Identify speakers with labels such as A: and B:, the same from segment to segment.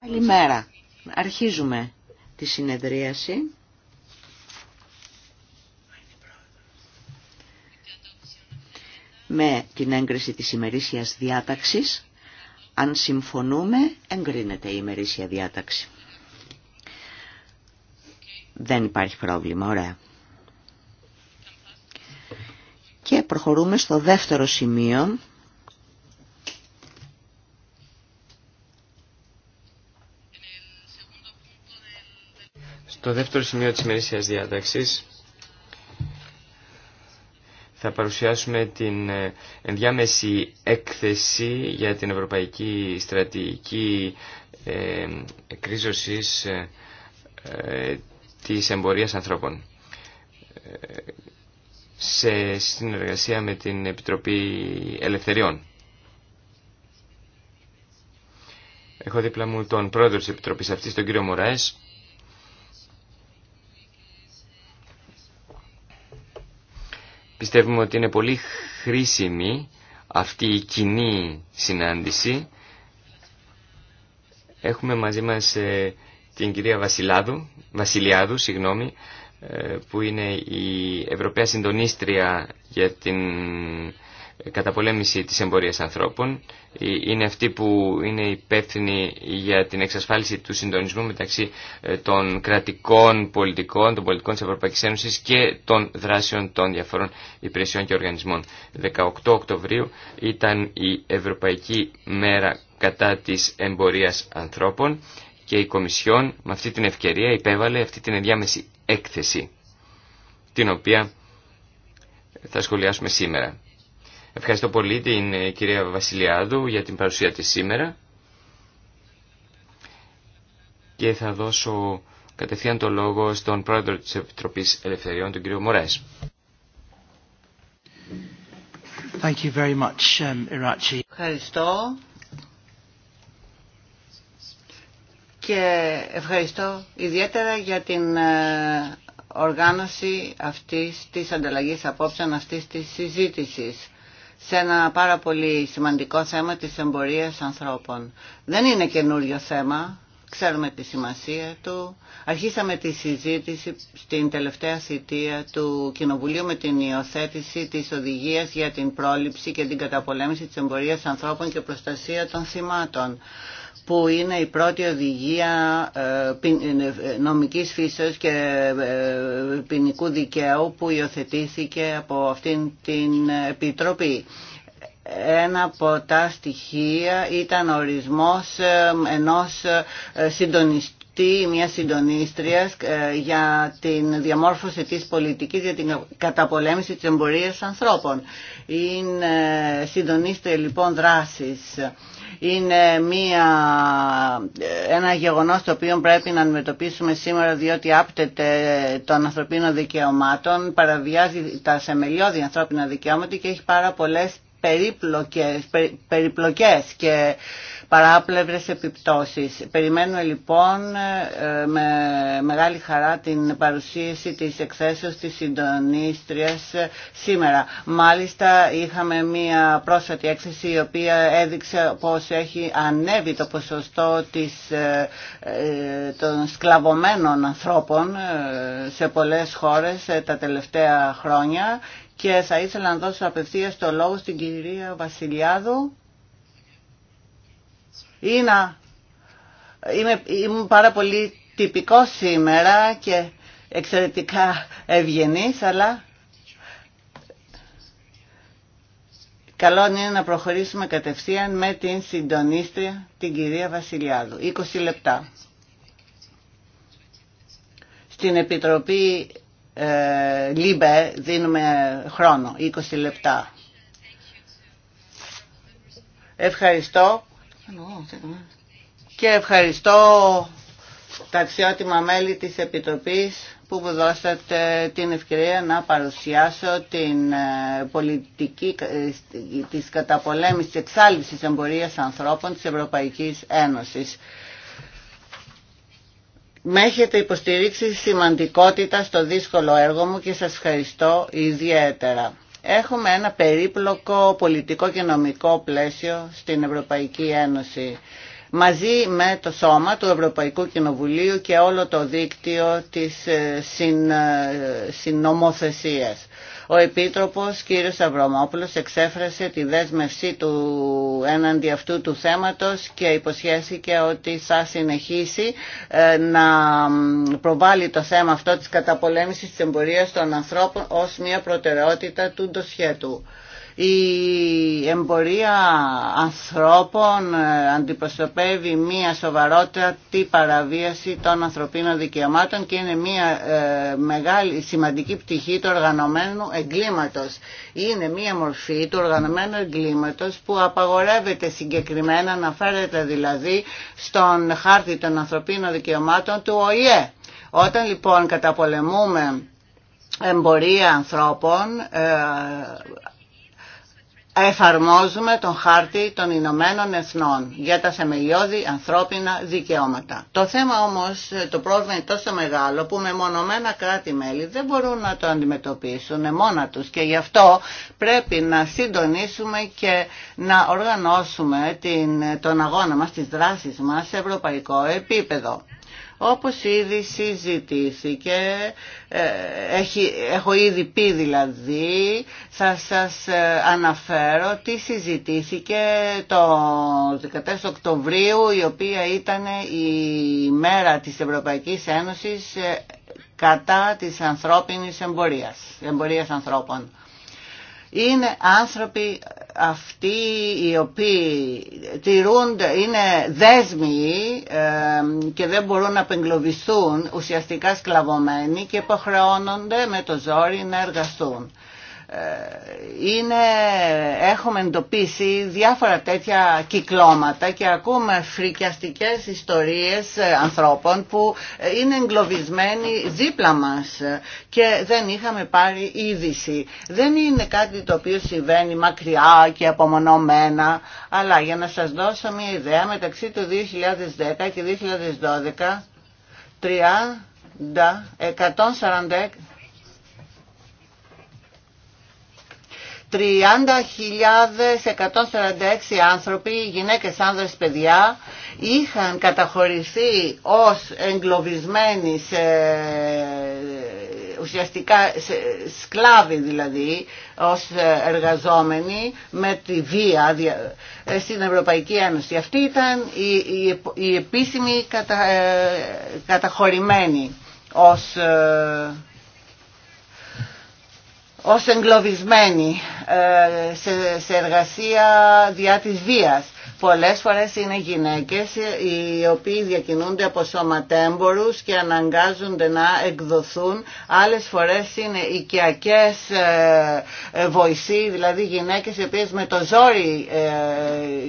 A: Καλημέρα. Αρχίζουμε τη συνεδρίαση. Με την έγκριση της ημερήσιας διάταξης, αν συμφωνούμε, εγκρίνεται η ημερήσια διάταξη. Δεν υπάρχει πρόβλημα, ωραία. Και προχωρούμε στο δεύτερο σημείο
B: Στο δεύτερο σημείο της ημερήσιας διάταξης θα παρουσιάσουμε την ε, ενδιάμεση έκθεση για την Ευρωπαϊκή Στρατηγική ε, Εκρίζωσης ε, της Εμπορίας Ανθρώπων. Σε συνεργασία με την Επιτροπή Ελευθεριών. Έχω δίπλα μου τον πρόεδρο της Επιτροπής αυτής, τον κύριο Μωράες, Πιστεύουμε ότι είναι πολύ χρήσιμη αυτή η κοινή συνάντηση. Έχουμε μαζί μας ε, την κυρία Βασιλάδου, Βασιλιάδου, συγγνώμη, ε, που είναι η Ευρωπαία Συντονίστρια για την καταπολέμηση της εμπορίας ανθρώπων. Ε, είναι αυτή που είναι υπεύθυνη για την εξασφάλιση του συντονισμού μεταξύ ε, των κρατικών πολιτικών, των πολιτικών της Ευρωπαϊκής Ένωσης και των δράσεων των διαφορών υπηρεσιών και οργανισμών. 18 Οκτωβρίου ήταν η Ευρωπαϊκή Μέρα κατά της εμπορίας ανθρώπων και η Κομισιόν με αυτή την ευκαιρία υπέβαλε αυτή την ενδιάμεση έκθεση την οποία θα σχολιάσουμε σήμερα. Ευχαριστώ πολύ την ε, κυρία Βασιλιάδου για την παρουσία της σήμερα και θα δώσω κατευθείαν το λόγο στον πρόεδρο της Επιτροπής Ελευθεριών, τον κύριο Μωρές.
C: Thank you very much,
B: um, Ευχαριστώ.
D: Και ευχαριστώ ιδιαίτερα για την ε, οργάνωση αυτής της ανταλλαγής απόψεων, αυτής της συζήτησης σε ένα πάρα πολύ σημαντικό θέμα της εμπορίας ανθρώπων. Δεν είναι καινούριο θέμα, ξέρουμε τη σημασία του. Αρχίσαμε τη συζήτηση στην τελευταία θητεία του Κοινοβουλίου με την υιοθέτηση της οδηγίας για την πρόληψη και την καταπολέμηση της εμπορίας ανθρώπων και προστασία των θυμάτων που είναι η πρώτη οδηγία ε, ε, νομικής φύσεως και ε, ποινικού δικαίου που υιοθετήθηκε από αυτήν την Επιτροπή ένα από τα στοιχεία ήταν ορισμός ε, ενός ε, συντονιστή μια συντονίστρια ε, για την διαμόρφωση της πολιτικής για την καταπολέμηση της εμπορίας ανθρώπων. Είναι συντονίστρια λοιπόν δράσης. Είναι μια, ένα γεγονός το οποίο πρέπει να αντιμετωπίσουμε σήμερα διότι άπτεται των ανθρωπίνων δικαιωμάτων, παραβιάζει τα σεμελιώδη ανθρώπινα δικαιώματα και έχει πάρα πολλές περίπλοκες, περιπλοκές και παράπλευρες επιπτώσεις. Περιμένουμε λοιπόν ε, με μεγάλη χαρά την παρουσίαση της εκθέσεως της συντονίστριας σήμερα. Μάλιστα είχαμε μία πρόσφατη έκθεση η οποία έδειξε πως έχει ανέβει το ποσοστό της, ε, ε, των σκλαβωμένων ανθρώπων σε πολλές χώρες τα τελευταία χρόνια και θα ήθελα να δώσω απευθείας το λόγο στην κυρία Βασιλιάδου Είναι, Είμαι, πάρα πολύ τυπικό σήμερα και εξαιρετικά ευγενής, αλλά καλό είναι να προχωρήσουμε κατευθείαν με την συντονίστρια, την κυρία Βασιλιάδου. 20 λεπτά. Στην Επιτροπή ε, Λίμπε δίνουμε χρόνο, 20 λεπτά. Ευχαριστώ και ευχαριστώ τα αξιότιμα μέλη της Επιτροπής που μου δώσατε την ευκαιρία να παρουσιάσω την ε, πολιτική ε, της καταπολέμησης της εξάλληψης εμπορίας ανθρώπων της Ευρωπαϊκής Ένωσης με έχετε υποστηρίξει σημαντικότητα στο δύσκολο έργο μου και σας ευχαριστώ ιδιαίτερα. Έχουμε ένα περίπλοκο πολιτικό και νομικό πλαίσιο στην Ευρωπαϊκή Ένωση μαζί με το σώμα του Ευρωπαϊκού Κοινοβουλίου και όλο το δίκτυο της ε, συν, ε, Ο Επίτροπος κ. Αβρομόπουλος, εξέφρασε τη δέσμευσή του έναντι αυτού του θέματος και υποσχέθηκε ότι θα συνεχίσει ε, να προβάλλει το θέμα αυτό της καταπολέμησης της εμπορίας των ανθρώπων ως μια προτεραιότητα του ντοσχέτου. Η εμπορία ανθρώπων ε, αντιπροσωπεύει μία τη παραβίαση των ανθρωπίνων δικαιωμάτων και είναι μία ε, μεγάλη σημαντική πτυχή του οργανωμένου εγκλήματος. Είναι μία μορφή του οργανωμένου εγκλήματος που απαγορεύεται συγκεκριμένα, αναφέρεται δηλαδή στον χάρτη των ανθρωπίνων δικαιωμάτων του ΟΗΕ. Όταν λοιπόν καταπολεμούμε εμπορία ανθρώπων, ε, εφαρμόζουμε τον χάρτη των Ηνωμένων Εθνών για τα θεμελιώδη ανθρώπινα δικαιώματα. Το θέμα όμως, το πρόβλημα είναι τόσο μεγάλο που μεμονωμένα κράτη-μέλη δεν μπορούν να το αντιμετωπίσουν μόνα τους και γι' αυτό πρέπει να συντονίσουμε και να οργανώσουμε την, τον αγώνα μας, τις δράσεις μας σε ευρωπαϊκό επίπεδο όπως ήδη συζητήθηκε, ε, έχει, έχω ήδη πει δηλαδή, θα σας ε, αναφέρω τι συζητήθηκε το 14 Οκτωβρίου, η οποία ήταν η μέρα της Ευρωπαϊκής Ένωσης ε, κατά της ανθρώπινης εμπορίας, εμπορίας ανθρώπων. Είναι άνθρωποι αυτοί οι οποίοι τηρούνται, είναι δέσμοι και δεν μπορούν να απεγκλωβιστούν ουσιαστικά σκλαβωμένοι και υποχρεώνονται με το ζόρι να εργαστούν. Ε, είναι, έχουμε εντοπίσει διάφορα τέτοια κυκλώματα και ακούμε φρικιαστικές ιστορίες ε, ανθρώπων που ε, είναι εγκλωβισμένοι δίπλα μας και δεν είχαμε πάρει είδηση. Δεν είναι κάτι το οποίο συμβαίνει μακριά και απομονωμένα, αλλά για να σας δώσω μια ιδέα, μεταξύ του 2010 και 2012, 30, 146, 30.146 άνθρωποι, γυναίκες, άνδρες, παιδιά, είχαν καταχωρηθεί ως εγκλωβισμένοι σε, ουσιαστικά σε σκλάβοι δηλαδή, ως εργαζόμενοι με τη βία ε, στην Ευρωπαϊκή Ένωση. Αυτή ήταν η, η, επίσημη κατα, ε, καταχωρημένη ως ε, ως εγκλωβισμένοι ε, σε, εργασία διά της βίας. Πολλές φορές είναι γυναίκες οι οποίοι διακινούνται από σωματέμπορους και αναγκάζονται να εκδοθούν. Άλλες φορές είναι οικιακές ε, ε, βοηθοί, δηλαδή γυναίκες οι οποίες με το ζόρι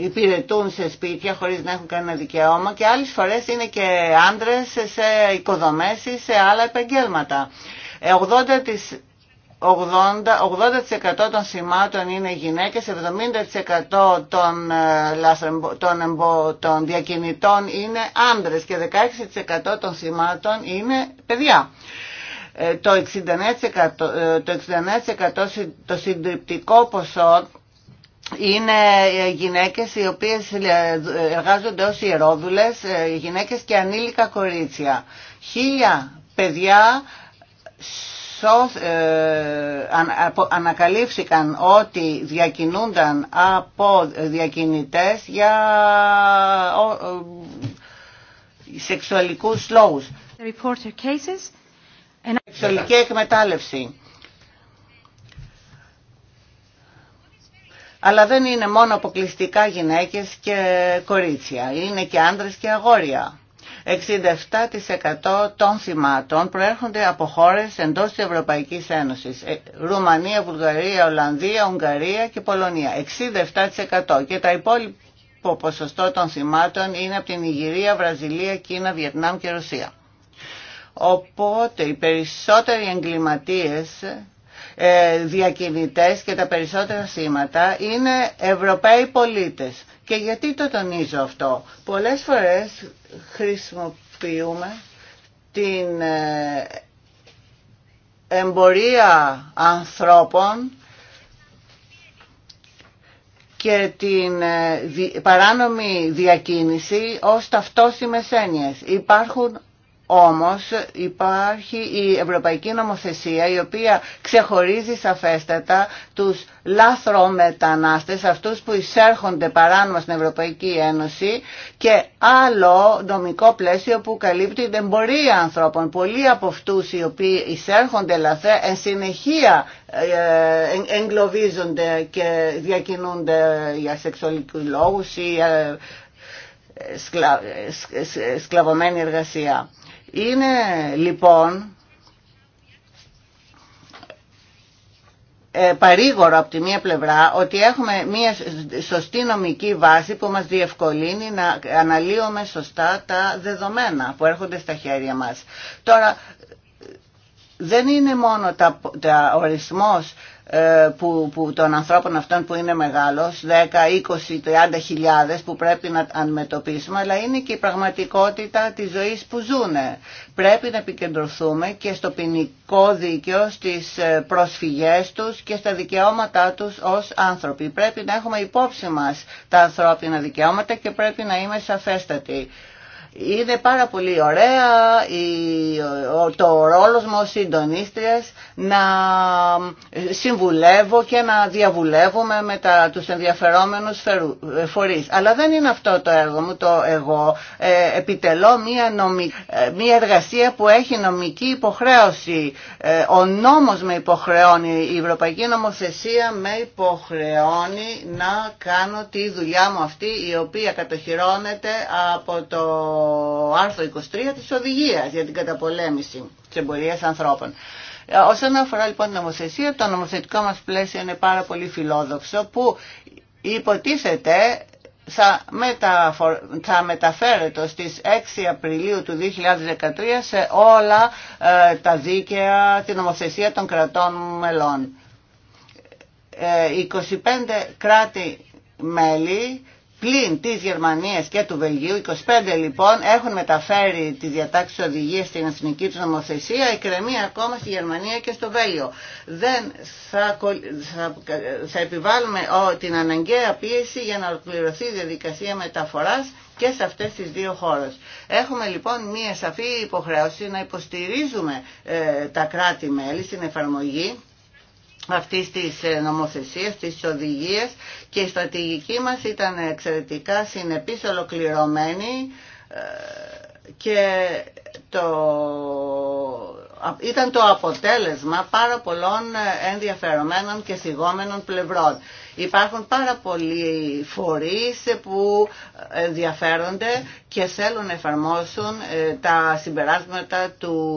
D: υπηρετούν σε σπίτια χωρίς να έχουν κανένα δικαίωμα και άλλες φορές είναι και άντρες σε οικοδομές ή σε άλλα επαγγέλματα. 80%, 80 των σημάτων είναι γυναίκες, 70% των, ε, των, διακινητών είναι άντρες και 16% των σημάτων είναι παιδιά. Ε, το 69%, ε, το 69% συντριπτικό ποσό είναι γυναίκες οι οποίες εργάζονται ως ιερόδουλες, γυναίκες και ανήλικα κορίτσια. Χίλια παιδιά ε, ανακαλύφθηκαν ότι διακινούνταν από διακινητές για σεξουαλικούς λόγους. Σεξουαλική εκμετάλλευση. Αλλά δεν είναι μόνο αποκλειστικά γυναίκες και κορίτσια. Είναι και άντρες και αγόρια. 67% των θυμάτων προέρχονται από χώρες εντός της Ευρωπαϊκής Ένωσης. Ε, Ρουμανία, Βουλγαρία, Ολλανδία, Ουγγαρία και Πολωνία. 67% και τα υπόλοιπο ποσοστό των θυμάτων είναι από την Ιγυρία, Βραζιλία, Κίνα, Βιετνάμ και Ρωσία. Οπότε οι περισσότεροι εγκληματίες ε, διακινητές και τα περισσότερα σήματα είναι Ευρωπαίοι πολίτες. Και γιατί το τονίζω αυτό. Πολλές φορές χρησιμοποιούμε την ε, εμπορία ανθρώπων και την ε, παράνομη διακίνηση ως ταυτόσιμες έννοιες. Υπάρχουν όμως υπάρχει η Ευρωπαϊκή Νομοθεσία η οποία ξεχωρίζει σαφέστατα τους λάθρομετανάστες, αυτούς που εισέρχονται παράνομα στην Ευρωπαϊκή Ένωση και άλλο νομικό πλαίσιο που καλύπτει την εμπορία ανθρώπων. Πολλοί από αυτούς οι οποίοι εισέρχονται λαθρέ εν συνεχεία ε, εγκλωβίζονται και διακινούνται για σεξουαλικούς λόγους ή ε, ε, σκλαβωμένη εργασία. Είναι λοιπόν ε, παρήγορο από τη μία πλευρά ότι έχουμε μία σωστή νομική βάση που μας διευκολύνει να αναλύουμε σωστά τα δεδομένα που έρχονται στα χέρια μας. Τώρα δεν είναι μόνο τα, τα ορισμός ε, που, που των ανθρώπων αυτών που είναι μεγάλος, 10, 20, 30 χιλιάδες που πρέπει να αντιμετωπίσουμε, αλλά είναι και η πραγματικότητα της ζωής που ζούνε. Πρέπει να επικεντρωθούμε και στο ποινικό δίκαιο, στις ε, προσφυγές τους και στα δικαιώματά τους ως άνθρωποι. Πρέπει να έχουμε υπόψη μας τα ανθρώπινα δικαιώματα και πρέπει να είμαι σαφέστατη. Είναι πάρα πολύ ωραία το ρόλος μου ως συντονίστριας να συμβουλεύω και να διαβουλεύουμε με τα, τους ενδιαφερόμενους ε, φορείς. Αλλά δεν είναι αυτό το έργο μου, το εγώ ε, επιτελώ μια, ε, μια εργασία που έχει νομική υποχρέωση. ο νόμος με υποχρεώνει, η Ευρωπαϊκή Νομοθεσία με υποχρεώνει να κάνω τη δουλειά μου αυτή η οποία κατοχυρώνεται από το άρθρο 23 της οδηγίας για την καταπολέμηση της εμπορίας ανθρώπων. Ε, όσον αφορά λοιπόν την νομοθεσία, το νομοθετικό μας πλαίσιο είναι πάρα πολύ φιλόδοξο που υποτίθεται θα, θα μεταφέρεται στις 6 Απριλίου του 2013 σε όλα ε, τα δίκαια, την νομοθεσία των κρατών μελών. 25 ε, κράτη-μέλη πλην της Γερμανίας και του Βελγίου, 25 λοιπόν έχουν μεταφέρει τη διατάξη οδηγίας στην εθνική του νομοθεσία, εκκρεμεί ακόμα στη Γερμανία και στο Βέλγιο. Δεν θα, θα, επιβάλλουμε την αναγκαία πίεση για να ολοκληρωθεί η διαδικασία μεταφοράς και σε αυτές τις δύο χώρες. Έχουμε λοιπόν μία σαφή υποχρέωση να υποστηρίζουμε ε, τα κράτη-μέλη στην εφαρμογή αυτής της ε, νομοθεσίας, της οδηγίας και η στρατηγική μας ήταν εξαιρετικά συνεπής, ολοκληρωμένη ε, και το ήταν το αποτέλεσμα πάρα πολλών ε, ενδιαφερομένων και θυγόμενων πλευρών. Υπάρχουν πάρα πολλοί φορείς που ε, ενδιαφέρονται και θέλουν να εφαρμόσουν ε, τα συμπεράσματα του,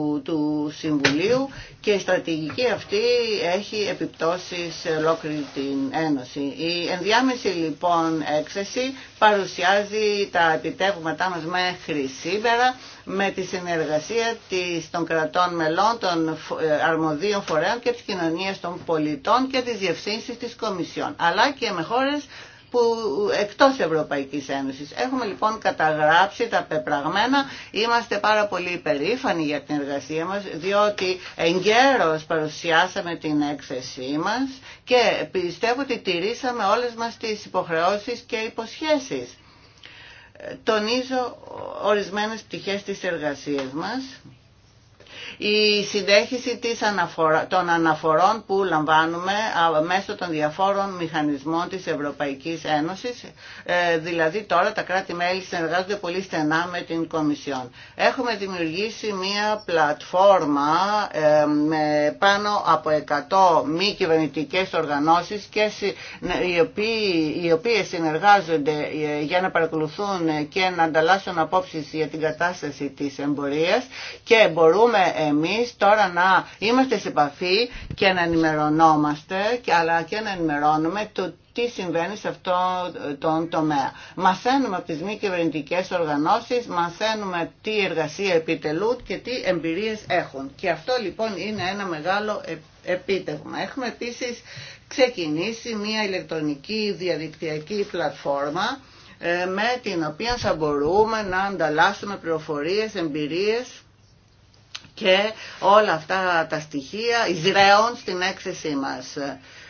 D: Συμβουλίου και η στρατηγική αυτή έχει επιπτώσει σε ολόκληρη την Ένωση. Η ενδιάμεση λοιπόν έκθεση παρουσιάζει τα επιτεύγματά μας μέχρι σήμερα με τη συνεργασία της, των κρατών μελών, των ε, αρμοδίων φορέων και της κοινωνίας των πολιτών και της διευθύνσης της Κομισιόν, αλλά και με χώρες που εκτός Ευρωπαϊκής Ένωσης. Έχουμε λοιπόν καταγράψει τα πεπραγμένα, είμαστε πάρα πολύ υπερήφανοι για την εργασία μας, διότι εγκαίρως παρουσιάσαμε την έκθεσή μας και πιστεύω ότι τηρήσαμε όλες μας τις υποχρεώσεις και υποσχέσεις τονίζω ορισμένες πτυχές της εργασίας μας η συνέχιση της των αναφορών που λαμβάνουμε μέσω των διαφόρων μηχανισμών της Ευρωπαϊκής Ένωσης, ε, δηλαδή τώρα τα κράτη-μέλη συνεργάζονται πολύ στενά με την Κομισιόν. Έχουμε δημιουργήσει μία πλατφόρμα ε, με πάνω από 100 μη κυβερνητικέ οργανώσεις και ναι, οι οποίες συνεργάζονται ε, για να παρακολουθούν και να ανταλλάσσουν απόψεις για την κατάσταση της εμπορίας και μπορούμε εμείς τώρα να είμαστε σε επαφή και να ενημερωνόμαστε αλλά και να ενημερώνουμε το τι συμβαίνει σε αυτό τον τομέα. Μαθαίνουμε από τις μη κυβερνητικέ οργανώσεις, μαθαίνουμε τι εργασία επιτελούν και τι εμπειρίες έχουν. Και αυτό λοιπόν είναι ένα μεγάλο ε, επίτευγμα. Έχουμε επίσης ξεκινήσει μια ηλεκτρονική διαδικτυακή πλατφόρμα ε, με την οποία θα μπορούμε να ανταλλάσσουμε πληροφορίες, εμπειρίες και όλα αυτά τα στοιχεία ιδραίων στην έκθεσή μας.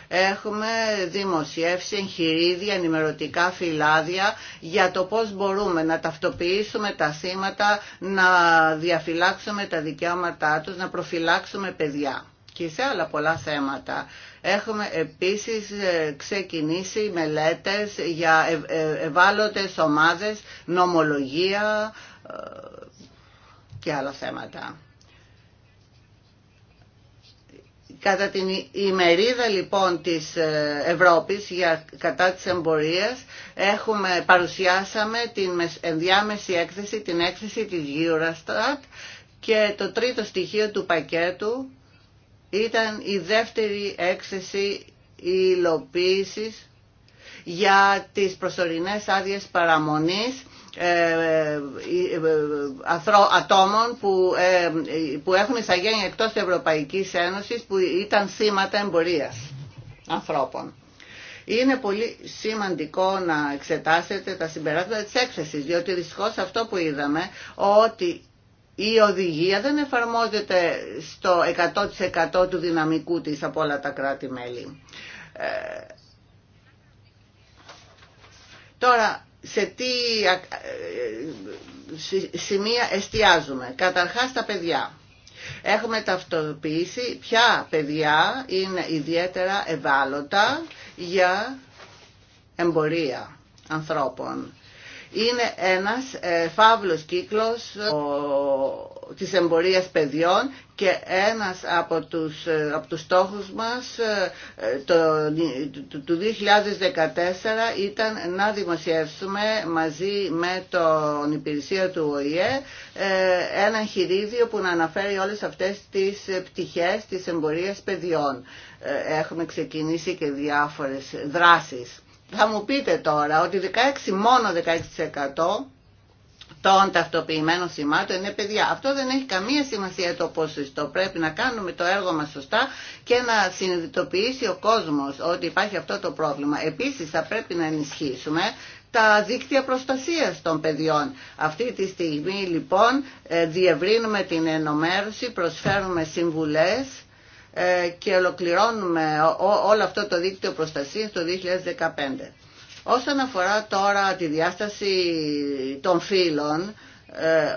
D: Έχουμε δημοσιεύσει εγχειρίδια, ενημερωτικά φυλάδια για το πώς μπορούμε να ταυτοποιήσουμε τα σήματα, να διαφυλάξουμε τα δικαιώματά τους, να προφυλάξουμε παιδιά και σε άλλα πολλά θέματα. Έχουμε επίσης ε, ξεκινήσει μελέτες για ε, ευάλωτες ομάδες, νομολογία ε, και άλλα θέματα. Κατά την ημερίδα λοιπόν της ε, Ευρώπης για κατά της εμπορίας έχουμε, παρουσιάσαμε την ενδιάμεση έκθεση, την έκθεση της Eurostat και το τρίτο στοιχείο του πακέτου ήταν η δεύτερη έκθεση υλοποίησης για τις προσωρινές άδειες παραμονής ε, ε, ε, ατόμων που έχουν εισαγένει εκτός της Ευρωπαϊκής Ένωσης που ήταν θύματα εμπορίας ανθρώπων. Είναι πολύ σημαντικό να εξετάσετε τα συμπεράσματα της έκθεσης, διότι δυστυχώς αυτό που είδαμε, ότι η οδηγία δεν εφαρμόζεται στο 100% του δυναμικού της από όλα τα κράτη-μέλη. τώρα, σε τι ε, σημεία εστιάζουμε. Καταρχάς τα παιδιά. Έχουμε ταυτοποιήσει ποια παιδιά είναι ιδιαίτερα ευάλωτα για εμπορία ανθρώπων είναι ένας ε, φαύλος κύκλος της εμπορίας παιδιών και ένας από τους, ε, από τους στόχους μας ε, το, του 2014 ήταν να δημοσιεύσουμε μαζί με τον υπηρεσία του ΟΗΕ ένα χειρίδιο που να αναφέρει όλες αυτές τις πτυχές της εμπορίας παιδιών. Έχουμε ξεκινήσει και διάφορες δράσεις θα μου πείτε τώρα ότι 16, μόνο 16% των ταυτοποιημένων σημάτων είναι παιδιά. Αυτό δεν έχει καμία σημασία το ποσοστό. Πρέπει να κάνουμε το έργο μας σωστά και να συνειδητοποιήσει ο κόσμος ότι υπάρχει αυτό το πρόβλημα. Επίσης θα πρέπει να ενισχύσουμε τα δίκτυα προστασίας των παιδιών. Αυτή τη στιγμή λοιπόν ε, διευρύνουμε την ενομέρωση, προσφέρουμε συμβουλές ε, και ολοκληρώνουμε όλο αυτό το δίκτυο προστασίας το 2015. Όσον αφορά τώρα τη διάσταση των φύλων, ε,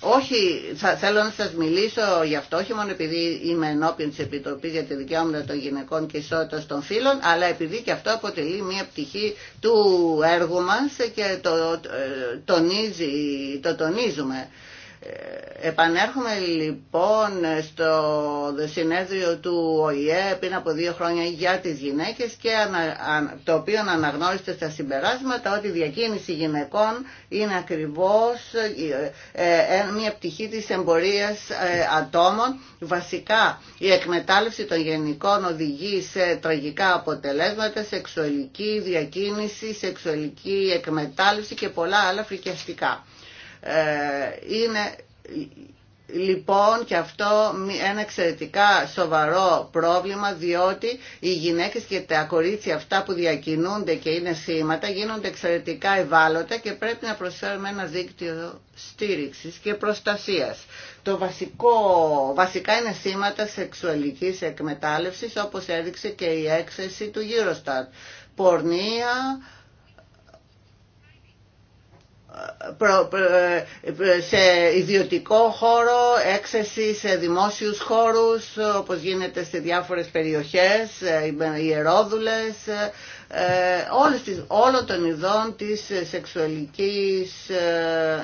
D: όχι, θέλω να σας μιλήσω γι' αυτό, όχι μόνο επειδή είμαι ενώπιον της Επιτροπής για τη Δικαιώματα των Γυναικών και Ισότητας των Φύλων, αλλά επειδή και αυτό αποτελεί μια πτυχή του έργου μας και το, ε, τονίζει, το τονίζουμε. Επανέρχομαι λοιπόν στο συνέδριο του ΟΗΕ πριν από δύο χρόνια για τις γυναίκες και το οποίο αναγνώρισε στα συμπεράσματα ότι η διακίνηση γυναικών είναι ακριβώς ε, ε, ε, μια πτυχή της εμπορίας ατόμων. Βασικά η εκμετάλλευση των γενικών οδηγεί σε τραγικά αποτελέσματα, σεξουαλική διακίνηση, σεξουαλική εκμετάλλευση και πολλά άλλα φρικιαστικά. Ε, είναι Λοιπόν και αυτό ένα εξαιρετικά σοβαρό πρόβλημα διότι οι γυναίκες και τα κορίτσια αυτά που διακινούνται και είναι σήματα γίνονται εξαιρετικά ευάλωτα και πρέπει να προσφέρουμε ένα δίκτυο στήριξης και προστασίας. Το βασικό, βασικά είναι σήματα σεξουαλικής εκμετάλλευσης όπως έδειξε και η έκθεση του Eurostat. Πορνεία, ε, σε ιδιωτικό χώρο, έξεση σε δημόσιους χώρους όπως γίνεται σε διάφορες περιοχές, ε, ιερόδουλες, ε, όλες τις, όλο των ειδών της σεξουαλικής,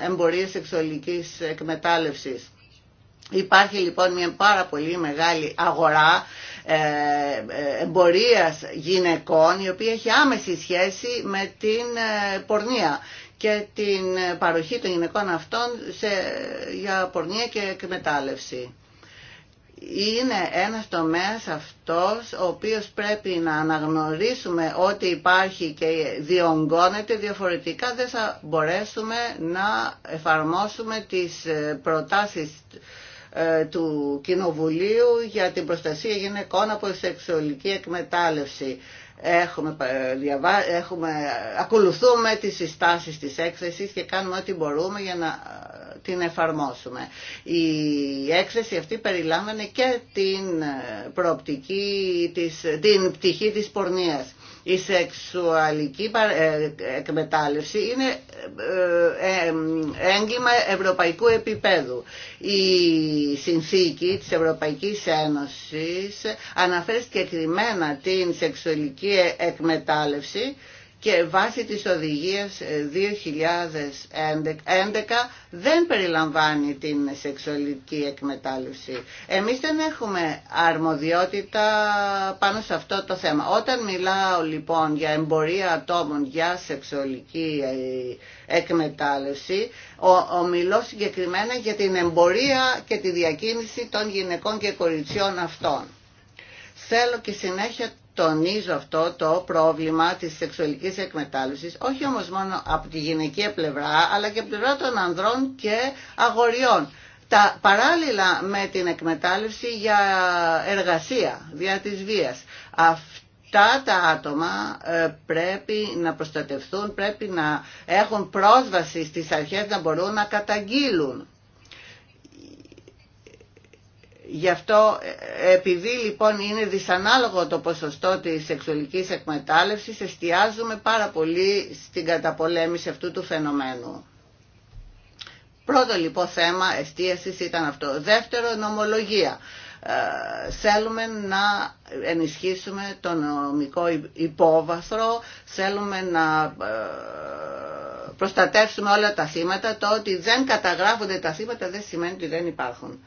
D: εμπορίας σεξουαλικής εκμετάλλευσης. Υπάρχει λοιπόν μια πάρα πολύ μεγάλη αγορά εμπορίας γυναικών η οποία έχει άμεση σχέση με την πορνεία και την παροχή των γυναικών αυτών σε, για πορνεία και εκμετάλλευση. Είναι ένας τομέας αυτός ο οποίος πρέπει να αναγνωρίσουμε ότι υπάρχει και διονγκώνεται διαφορετικά δεν θα μπορέσουμε να εφαρμόσουμε τις ε, προτάσεις ε, του Κοινοβουλίου για την προστασία γυναικών από σεξουαλική εκμετάλλευση. Έχουμε, ε, διαβα... έχουμε, ακολουθούμε τις συστάσεις της έκθεσης και κάνουμε ό,τι μπορούμε για να ε, την εφαρμόσουμε. Η έκθεση αυτή περιλάμβανε και την ε, προοπτική, της, την πτυχή της πορνείας. Η σεξουαλική ε, εκμετάλλευση είναι ε, ε, έγκλημα ευρωπαϊκού επίπεδου. Η συνθήκη της Ευρωπαϊκής Ένωσης αναφέρει συγκεκριμένα την σεξουαλική εκμετάλλευση και βάσει της οδηγίας 2011 ε, δεν περιλαμβάνει την σεξουαλική εκμετάλλευση. Εμείς δεν έχουμε αρμοδιότητα πάνω σε αυτό το θέμα. Όταν μιλάω λοιπόν για εμπορία ατόμων για σεξουαλική ε, εκμετάλλευση, μιλώ συγκεκριμένα για την εμπορία και τη διακίνηση των γυναικών και κοριτσιών αυτών. Θέλω και συνέχεια τονίζω αυτό το πρόβλημα της σεξουαλικής εκμετάλλευσης, όχι όμως μόνο από τη γυναική πλευρά, αλλά και από την πλευρά των ανδρών και αγοριών. Τα παράλληλα με την εκμετάλλευση για εργασία, δια της βίας. Αυτά τα άτομα ε, πρέπει να προστατευθούν, πρέπει να έχουν πρόσβαση στις αρχές να μπορούν να καταγγείλουν Γι' αυτό ε, επειδή λοιπόν είναι δυσανάλογο το ποσοστό της σεξουαλικής εκμετάλλευσης εστιάζουμε πάρα πολύ στην καταπολέμηση αυτού του φαινομένου. Πρώτο λοιπόν θέμα εστίασης ήταν αυτό. Δεύτερο νομολογία. Ε, θέλουμε να ενισχύσουμε το νομικό υπόβαθρο, θέλουμε να ε, προστατεύσουμε όλα τα θύματα. Το ότι δεν καταγράφονται τα θύματα δεν σημαίνει ότι δεν υπάρχουν.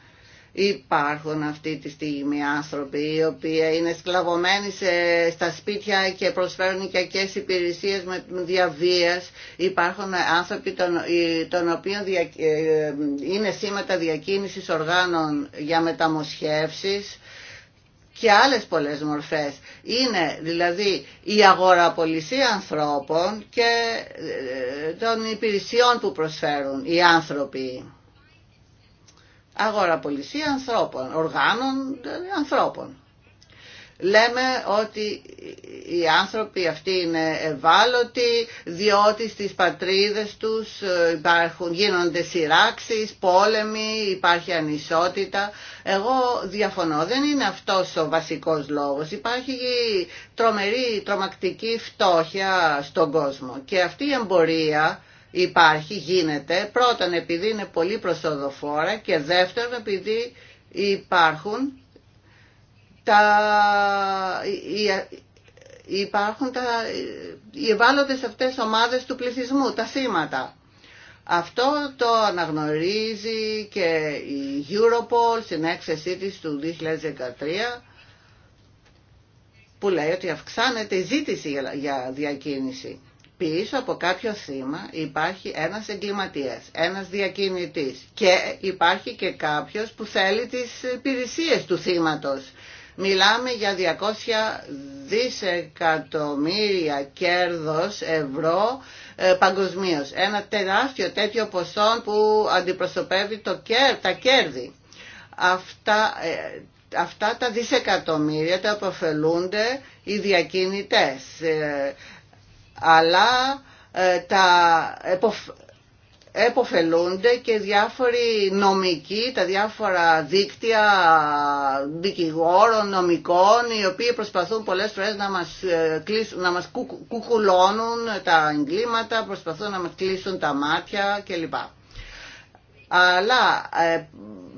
D: Υπάρχουν αυτή τη στιγμή άνθρωποι οι οποίοι είναι σκλαβωμένοι σε, στα σπίτια και προσφέρουν οικιακές υπηρεσίες με διαβίας. Υπάρχουν άνθρωποι των, των οποίων ε, είναι σήματα διακίνησης οργάνων για μεταμοσχεύσεις και άλλες πολλές μορφές. Είναι δηλαδή η αγοραπολισία ανθρώπων και ε, των υπηρεσιών που προσφέρουν οι άνθρωποι αγοραπολισία ανθρώπων, οργάνων ανθρώπων. Λέμε ότι οι άνθρωποι αυτοί είναι ευάλωτοι διότι στις πατρίδες τους ε, υπάρχουν, γίνονται σειράξεις, πόλεμοι, υπάρχει ανισότητα. Εγώ διαφωνώ, δεν είναι αυτός ο βασικός λόγος. Υπάρχει τρομερή, τρομακτική φτώχεια στον κόσμο και αυτή η εμπορία υπάρχει, γίνεται, πρώτον επειδή είναι πολύ προσοδοφόρα και δεύτερον επειδή υπάρχουν τα, υπάρχουν τα, οι ευάλωτες αυτές ομάδες του πληθυσμού, τα θύματα. Αυτό το αναγνωρίζει και η Europol στην έκθεσή της του 2013 που λέει ότι αυξάνεται η ζήτηση για διακίνηση πίσω από κάποιο θύμα υπάρχει ένας εγκληματίας, ένας διακινητής και υπάρχει και κάποιος που θέλει τις υπηρεσίε του θύματος. Μιλάμε για 200 δισεκατομμύρια κέρδος ευρώ ε, παγκοσμίω. Ένα τεράστιο τέτοιο ποσό που αντιπροσωπεύει το κέρ, τα κέρδη. Αυτά, ε, αυτά τα δισεκατομμύρια τα αποφελούνται οι διακινητές. Ε, αλλά ε, τα εποφελούνται και διάφοροι νομικοί, τα διάφορα δίκτυα δικηγόρων, νομικών, οι οποίοι προσπαθούν πολλές φορές να μας, ε, κλείσουν, να μας κουκουλώνουν τα εγκλήματα, προσπαθούν να μας κλείσουν τα μάτια κλπ. Αλλά ε,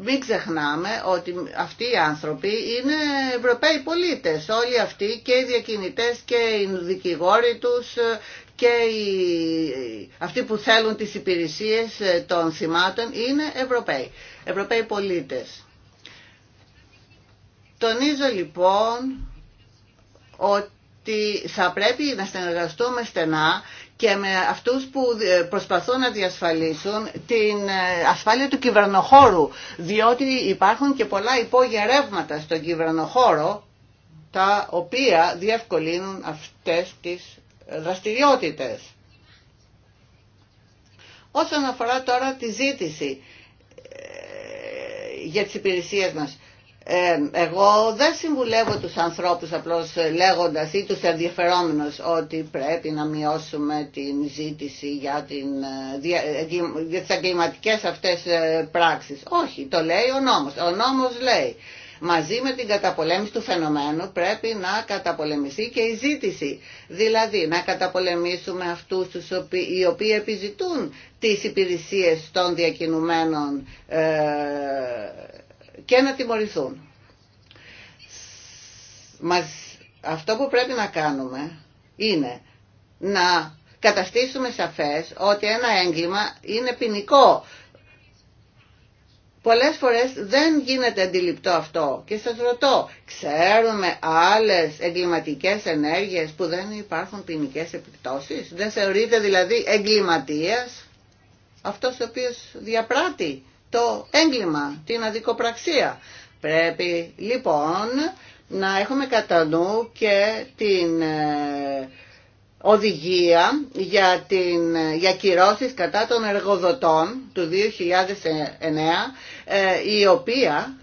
D: μην ξεχνάμε ότι αυτοί οι άνθρωποι είναι Ευρωπαίοι πολίτες. Όλοι αυτοί και οι διακινητές και οι δικηγόροι τους και οι... αυτοί που θέλουν τις υπηρεσίες ε, των θυμάτων είναι Ευρωπαίοι. Ευρωπαίοι πολίτες. Τονίζω λοιπόν ότι θα πρέπει να συνεργαστούμε στενά και με αυτούς που προσπαθούν να διασφαλίσουν την ε, ασφάλεια του κυβερνοχώρου, διότι υπάρχουν και πολλά υπόγεια ρεύματα στον κυβερνοχώρο, τα οποία διευκολύνουν αυτές τις δραστηριότητες. Όσον αφορά τώρα τη ζήτηση ε, για τις υπηρεσίες μας, εγώ δεν συμβουλεύω τους ανθρώπους απλώς λέγοντας ή τους ενδιαφερόμενους ότι πρέπει να μειώσουμε την ζήτηση για, την, ε, ε, για τις εγκληματικές αυτές ε, πράξεις. Όχι, το λέει ο νόμος. Ο νόμος λέει μαζί με την καταπολέμηση του φαινομένου πρέπει να καταπολεμηθεί και η ζήτηση. Δηλαδή να καταπολεμήσουμε αυτούς τους οποίοι, οι οποίοι επιζητούν τις υπηρεσίες των διακινουμένων και να τιμωρηθούν. Αυτό που πρέπει να κάνουμε είναι να καταστήσουμε σαφές ότι ένα έγκλημα είναι ποινικό. Πολλές φορές δεν γίνεται αντιληπτό αυτό και σας ρωτώ, ξέρουμε άλλες εγκληματικές ενέργειες που δεν υπάρχουν ποινικέ επιπτώσεις, δεν θεωρείται δηλαδή εγκληματίας αυτός ο οποίος διαπράττει το έγκλημα, την αδικοπραξία. Πρέπει λοιπόν να έχουμε κατά νου και την ε, οδηγία για, την, για κυρώσεις κατά των εργοδοτών του 2009 ε, η οποία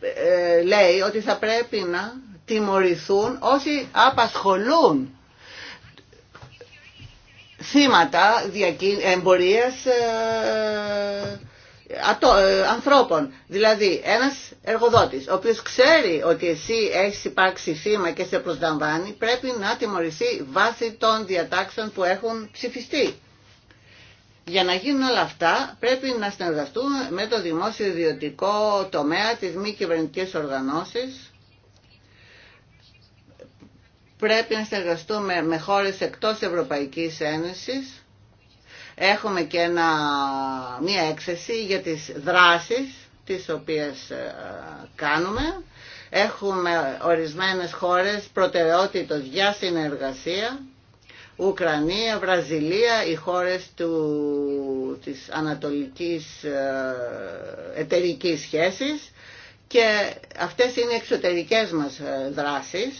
D: ε, λέει ότι θα πρέπει να τιμωρηθούν όσοι απασχολούν θύματα εμπορίας ε, ανθρώπων. Δηλαδή ένας εργοδότης ο οποίος ξέρει ότι εσύ έχεις υπάρξει θύμα και σε προσλαμβάνει πρέπει να τιμωρηθεί βάσει των διατάξεων που έχουν ψηφιστεί. Για να γίνουν όλα αυτά πρέπει να συνεργαστούμε με το δημόσιο ιδιωτικό τομέα, τις μη κυβερνητικέ οργανώσεις. Πρέπει να συνεργαστούμε με χώρες εκτός Ευρωπαϊκής Ένωσης Έχουμε και μία έκθεση για τις δράσεις τις οποίες ε, κάνουμε. Έχουμε ορισμένες χώρες προτεραιότητος για συνεργασία. Ουκρανία, Βραζιλία, οι χώρες του, της ανατολικής ε, εταιρικής σχέσης και αυτές είναι εξωτερικές μας ε, δράσεις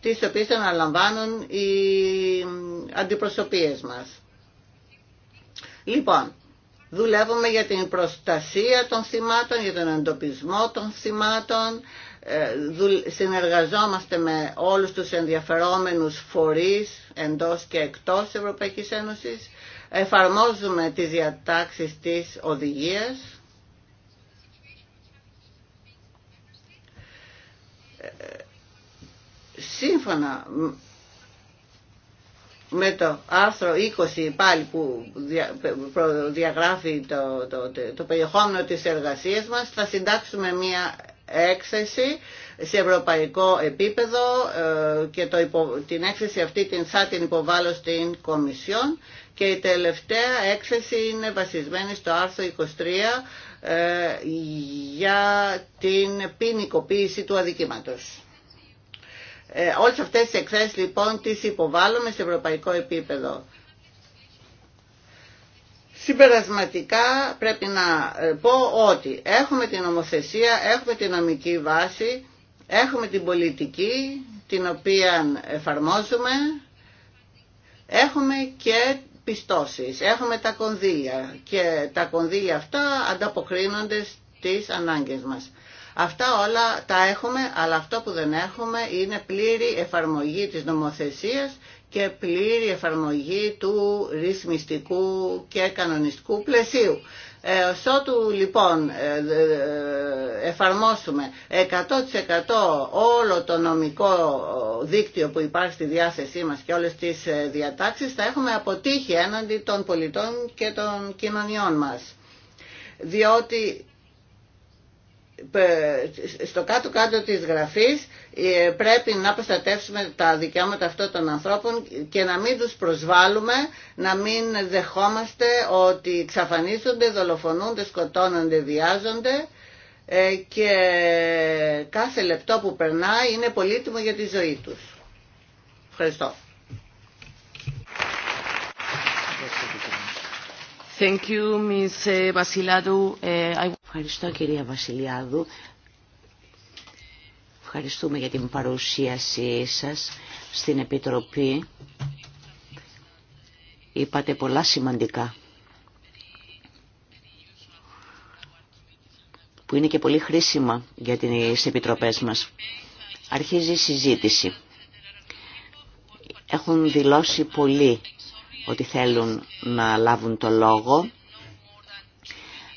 D: τις οποίες αναλαμβάνουν οι αντιπροσωπείες μας. Λοιπόν, δουλεύουμε για την προστασία των θυμάτων, για τον εντοπισμό των θυμάτων, ε, συνεργαζόμαστε με όλους τους ενδιαφερόμενους φορείς εντός και εκτός Ευρωπαϊκής Ένωσης, εφαρμόζουμε τις διατάξεις της οδηγίας, ε, σύμφωνα με το άρθρο 20 πάλι που διαγράφει το, το, το, περιεχόμενο της εργασίας μας θα συντάξουμε μία έκθεση σε ευρωπαϊκό επίπεδο ε, και το την έκθεση αυτή την θα την υποβάλλω στην Κομισιόν και η τελευταία έκθεση είναι βασισμένη στο άρθρο 23 ε, για την ποινικοποίηση του αδικήματος. Ε, όλες αυτές τις εκθέσεις λοιπόν τις υποβάλλουμε σε ευρωπαϊκό επίπεδο. Συμπερασματικά πρέπει να ε, πω ότι έχουμε την ομοθεσία, έχουμε την νομική βάση, έχουμε την πολιτική την οποία εφαρμόζουμε, έχουμε και πιστώσεις, έχουμε τα κονδύλια και τα κονδύλια αυτά ανταποκρίνονται στις ανάγκες μας. Αυτά όλα τα έχουμε, αλλά αυτό που δεν έχουμε είναι πλήρη εφαρμογή της νομοθεσίας και πλήρη εφαρμογή του ρυθμιστικού και κανονιστικού πλαισίου. Ε, ότου λοιπόν ε, ε, εφαρμόσουμε 100% όλο το νομικό δίκτυο που υπάρχει στη διάθεσή μας και όλες τις ε, διατάξεις θα έχουμε αποτύχει έναντι των πολιτών και των κοινωνιών μας. Διότι ε, στο κάτω-κάτω της γραφής ε, πρέπει να προστατεύσουμε τα δικαιώματα αυτών των ανθρώπων και να μην τους προσβάλλουμε, να μην δεχόμαστε ότι ξαφανίζονται, δολοφονούνται, σκοτώνονται, βιάζονται ε, και κάθε λεπτό που περνάει είναι πολύτιμο για τη ζωή τους.
A: Ευχαριστώ. Eh, eh, Ευχαριστώ κυρία Βασιλιάδου. Ευχαριστούμε για την παρουσίασή σας στην Επιτροπή. Είπατε πολλά σημαντικά. Που είναι και πολύ χρήσιμα για τις Επιτροπές μας. Αρχίζει η συζήτηση. Έχουν δηλώσει πολλοί ότι θέλουν να λάβουν το λόγο.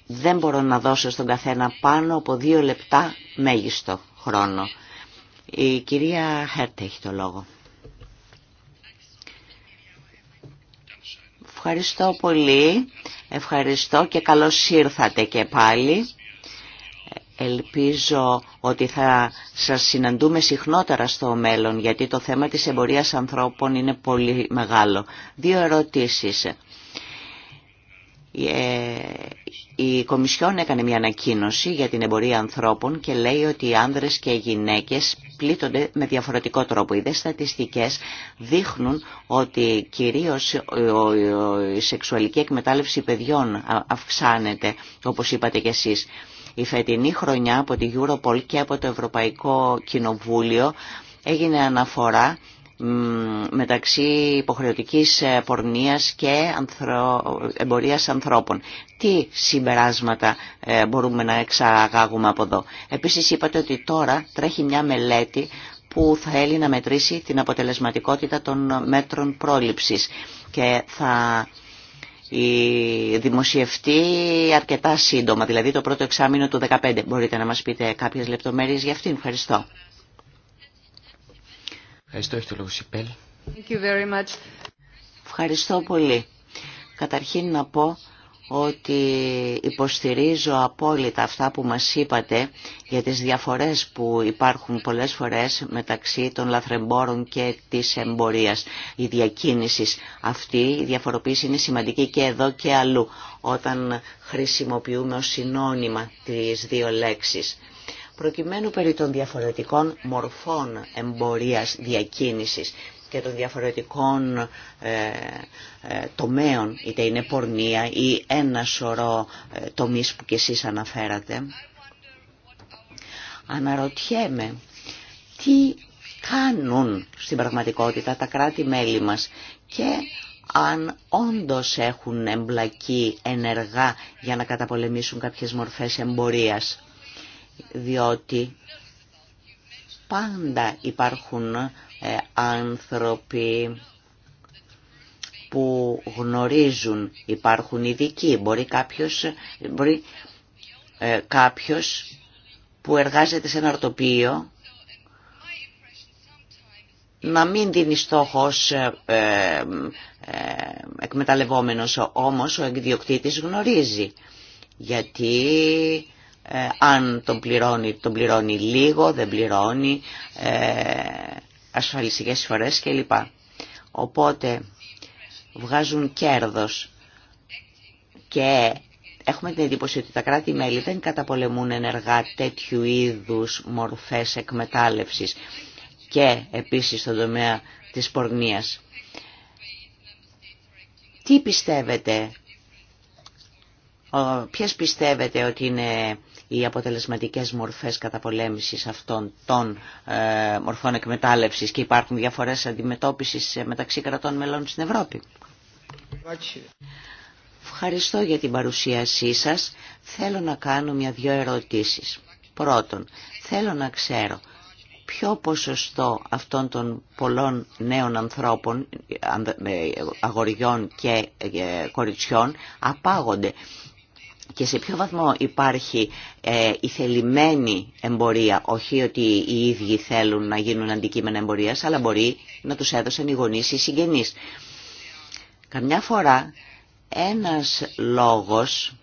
A: Δεν μπορώ να δώσω στον καθένα πάνω από δύο λεπτά μέγιστο χρόνο. Η κυρία Χέρτε έχει το λόγο. Ευχαριστώ πολύ. Ευχαριστώ και καλώς ήρθατε και πάλι. Ελπίζω ότι θα σας συναντούμε συχνότερα στο μέλλον, γιατί το θέμα της εμπορίας ανθρώπων είναι πολύ μεγάλο. Δύο ερωτήσεις. Ε, η Κομισιόν έκανε μια ανακοίνωση για την εμπορία ανθρώπων και λέει ότι οι άνδρες και οι γυναίκες πλήττονται με διαφορετικό τρόπο. Οι δε στατιστικές δείχνουν ότι κυρίως η σεξουαλική εκμετάλλευση παιδιών αυξάνεται, όπως είπατε κι εσείς. Η φετινή χρονιά από τη Europol και από το Ευρωπαϊκό Κοινοβούλιο έγινε αναφορά μεταξύ υποχρεωτικής ε, πορνείας και εμπορίας ανθρώπων. Τι συμπεράσματα ε, μπορούμε να εξαγάγουμε από εδώ. Επίσης είπατε ότι τώρα τρέχει μια μελέτη που θέλει να μετρήσει την αποτελεσματικότητα των μέτρων πρόληψης και θα δημοσιευτεί αρκετά σύντομα, δηλαδή το πρώτο εξάμεινο του 2015. Μπορείτε να μας πείτε κάποιες λεπτομέρειες για αυτήν. Ευχαριστώ.
B: Ευχαριστώ, έχει το
A: Ευχαριστώ πολύ. Καταρχήν να πω ότι υποστηρίζω απόλυτα αυτά που μας είπατε για τις διαφορές που υπάρχουν πολλές φορές μεταξύ των λαθρεμπόρων και της εμπορίας, η διακίνησης. Αυτή η διαφοροποίηση είναι σημαντική και εδώ και αλλού όταν χρησιμοποιούμε ως συνώνυμα τις δύο λέξεις. Προκειμένου περί των διαφορετικών μορφών εμπορίας διακίνησης και των διαφορετικών ε, ε, τομέων, είτε είναι πορνεία ή ένα σωρό ε, τομείς που κι εσείς αναφέρατε. Αναρωτιέμαι τι κάνουν στην πραγματικότητα τα κράτη-μέλη μας και αν όντως έχουν εμπλακεί ενεργά για να καταπολεμήσουν κάποιες μορφές εμπορίας. Διότι πάντα υπάρχουν ε, άνθρωποι που γνωρίζουν, υπάρχουν ειδικοί, μπορεί κάποιος, μπορεί, ε, κάποιος που εργάζεται σε ένα αρτοπείο να μην δίνει στόχος ε, ε όμως ο εκδιοκτήτης γνωρίζει γιατί ε, αν τον πληρώνει, τον πληρώνει λίγο, δεν πληρώνει ε, ασφαλιστικές φορές κλπ. Οπότε βγάζουν κέρδος και έχουμε την εντύπωση ότι τα κράτη-μέλη δεν καταπολεμούν ενεργά τέτοιου είδους μορφές εκμετάλλευσης και επίσης στον τομέα της πορνείας. Τι πιστεύετε, ποιες πιστεύετε ότι είναι οι αποτελεσματικές μορφές καταπολέμησης αυτών των ε, μορφών εκμετάλλευσης και υπάρχουν διαφορές αντιμετώπισης ε, μεταξύ κρατών μελών στην Ευρώπη. Ευχαριστώ για την παρουσίασή σας. Θέλω να κάνω μια-δυο ερωτήσεις. Πρώτον, θέλω να ξέρω ποιο ποσοστό αυτών των πολλών νέων ανθρώπων, ε, αγοριών και κοριτσιών, απάγονται και σε ποιο βαθμό υπάρχει ε, η θελημένη εμπορία, όχι ότι οι ίδιοι θέλουν να γίνουν αντικείμενα εμπορίας, αλλά μπορεί να τους έδωσαν οι γονείς ή οι συγγενείς. Καμιά φορά ένας λόγος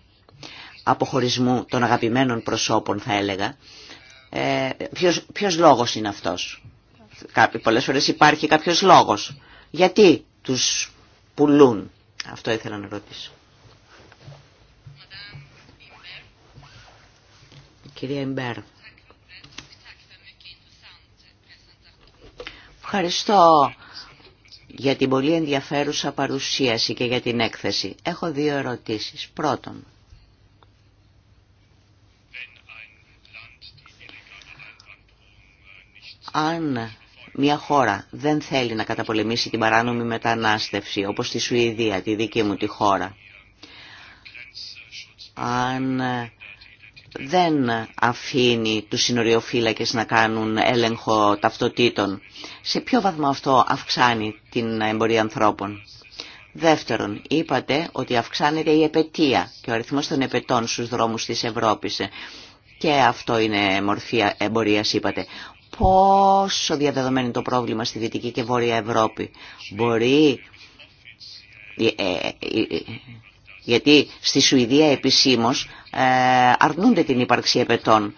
A: αποχωρισμού των αγαπημένων προσώπων θα έλεγα, ε, ποιος, λόγος είναι αυτός. πολλέ πολλές φορές υπάρχει κάποιος λόγος. Γιατί τους πουλούν. Αυτό ήθελα να ρωτήσω. κυρία Ιμπέρ. Ευχαριστώ για την πολύ ενδιαφέρουσα παρουσίαση και για την έκθεση. Έχω δύο ερωτήσεις. Πρώτον, αν μια χώρα δεν θέλει να καταπολεμήσει την παράνομη μετανάστευση, όπως τη Σουηδία, τη δική μου τη χώρα, αν δεν αφήνει τους συνοριοφύλακες να κάνουν έλεγχο ταυτοτήτων. Σε ποιο βαθμό αυτό αυξάνει την εμπορία ανθρώπων. Δεύτερον, είπατε ότι αυξάνεται η επαιτία και ο αριθμός των επαιτών στους δρόμους της Ευρώπης. Και αυτό είναι μορφή εμπορίας, είπατε. Πόσο διαδεδομένο είναι το πρόβλημα στη Δυτική και Βόρεια Ευρώπη. Μπορεί ε, ε, ε, γιατί στη Σουηδία επισήμως ε, αρνούνται την ύπαρξη επετών.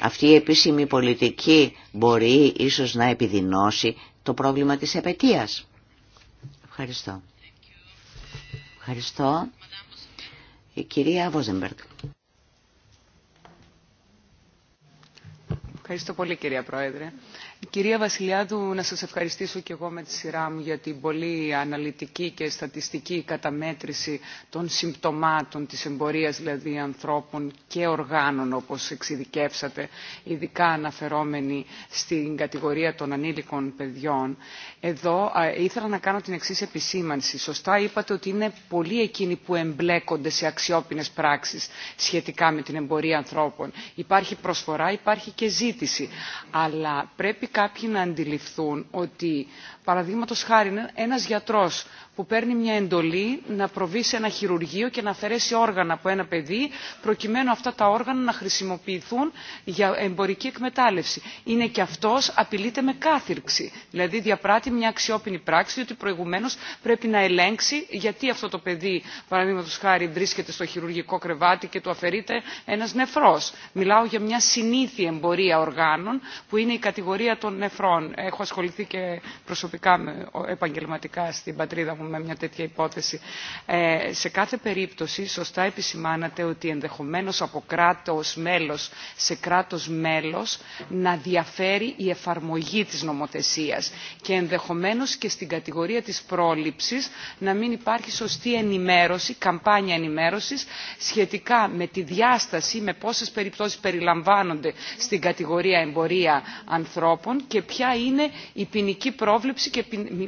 A: Αυτή η επίσημη πολιτική μπορεί ίσως να επιδεινώσει το πρόβλημα της επαιτίας. Ευχαριστώ. Ευχαριστώ. Η κυρία Βόζεμπεργκ.
C: Ευχαριστώ πολύ κυρία Πρόεδρε. Κυρία Βασιλιάδου, να σας ευχαριστήσω και εγώ με τη σειρά μου για την πολύ αναλυτική και στατιστική καταμέτρηση των συμπτωμάτων της εμπορίας, δηλαδή ανθρώπων και οργάνων, όπως εξειδικεύσατε, ειδικά αναφερόμενοι στην κατηγορία των ανήλικων παιδιών. Εδώ α, ήθελα να κάνω την εξής επισήμανση. Σωστά είπατε ότι είναι πολλοί εκείνοι που εμπλέκονται σε αξιόπινες πράξεις σχετικά με την εμπορία ανθρώπων. Υπάρχει προσφορά, υπάρχει και ζήτηση. Αλλά πρέπει κάποιοι να αντιληφθούν ότι Παραδείγματο χάρη, ένα γιατρό που παίρνει μια εντολή να προβεί σε ένα χειρουργείο και να αφαιρέσει όργανα από ένα παιδί, προκειμένου αυτά τα όργανα να χρησιμοποιηθούν για εμπορική εκμετάλλευση. Είναι και αυτό απειλείται με κάθυρξη. Δηλαδή διαπράττει μια αξιόπινη πράξη, διότι προηγουμένω πρέπει να ελέγξει γιατί αυτό το παιδί, παραδείγματο χάρη, βρίσκεται στο χειρουργικό κρεβάτι και του αφαιρείται ένα νεφρό. Μιλάω για μια συνήθεια εμπορία οργάνων, που είναι η κατηγορία των νεφρών. Έχω ασχοληθεί και προσωπικά επαγγελματικά στην πατρίδα μου με μια τέτοια υπόθεση. Ε, σε κάθε περίπτωση σωστά επισημάνατε ότι ενδεχομένως από κράτος μέλος σε κράτος μέλος να διαφέρει η εφαρμογή της νομοθεσίας και ενδεχομένως και στην κατηγορία της πρόληψης να μην υπάρχει σωστή ενημέρωση, καμπάνια ενημέρωσης σχετικά με τη διάσταση, με πόσες περιπτώσεις περιλαμβάνονται στην κατηγορία εμπορία ανθρώπων και ποια είναι η ποινική πρόβληψη και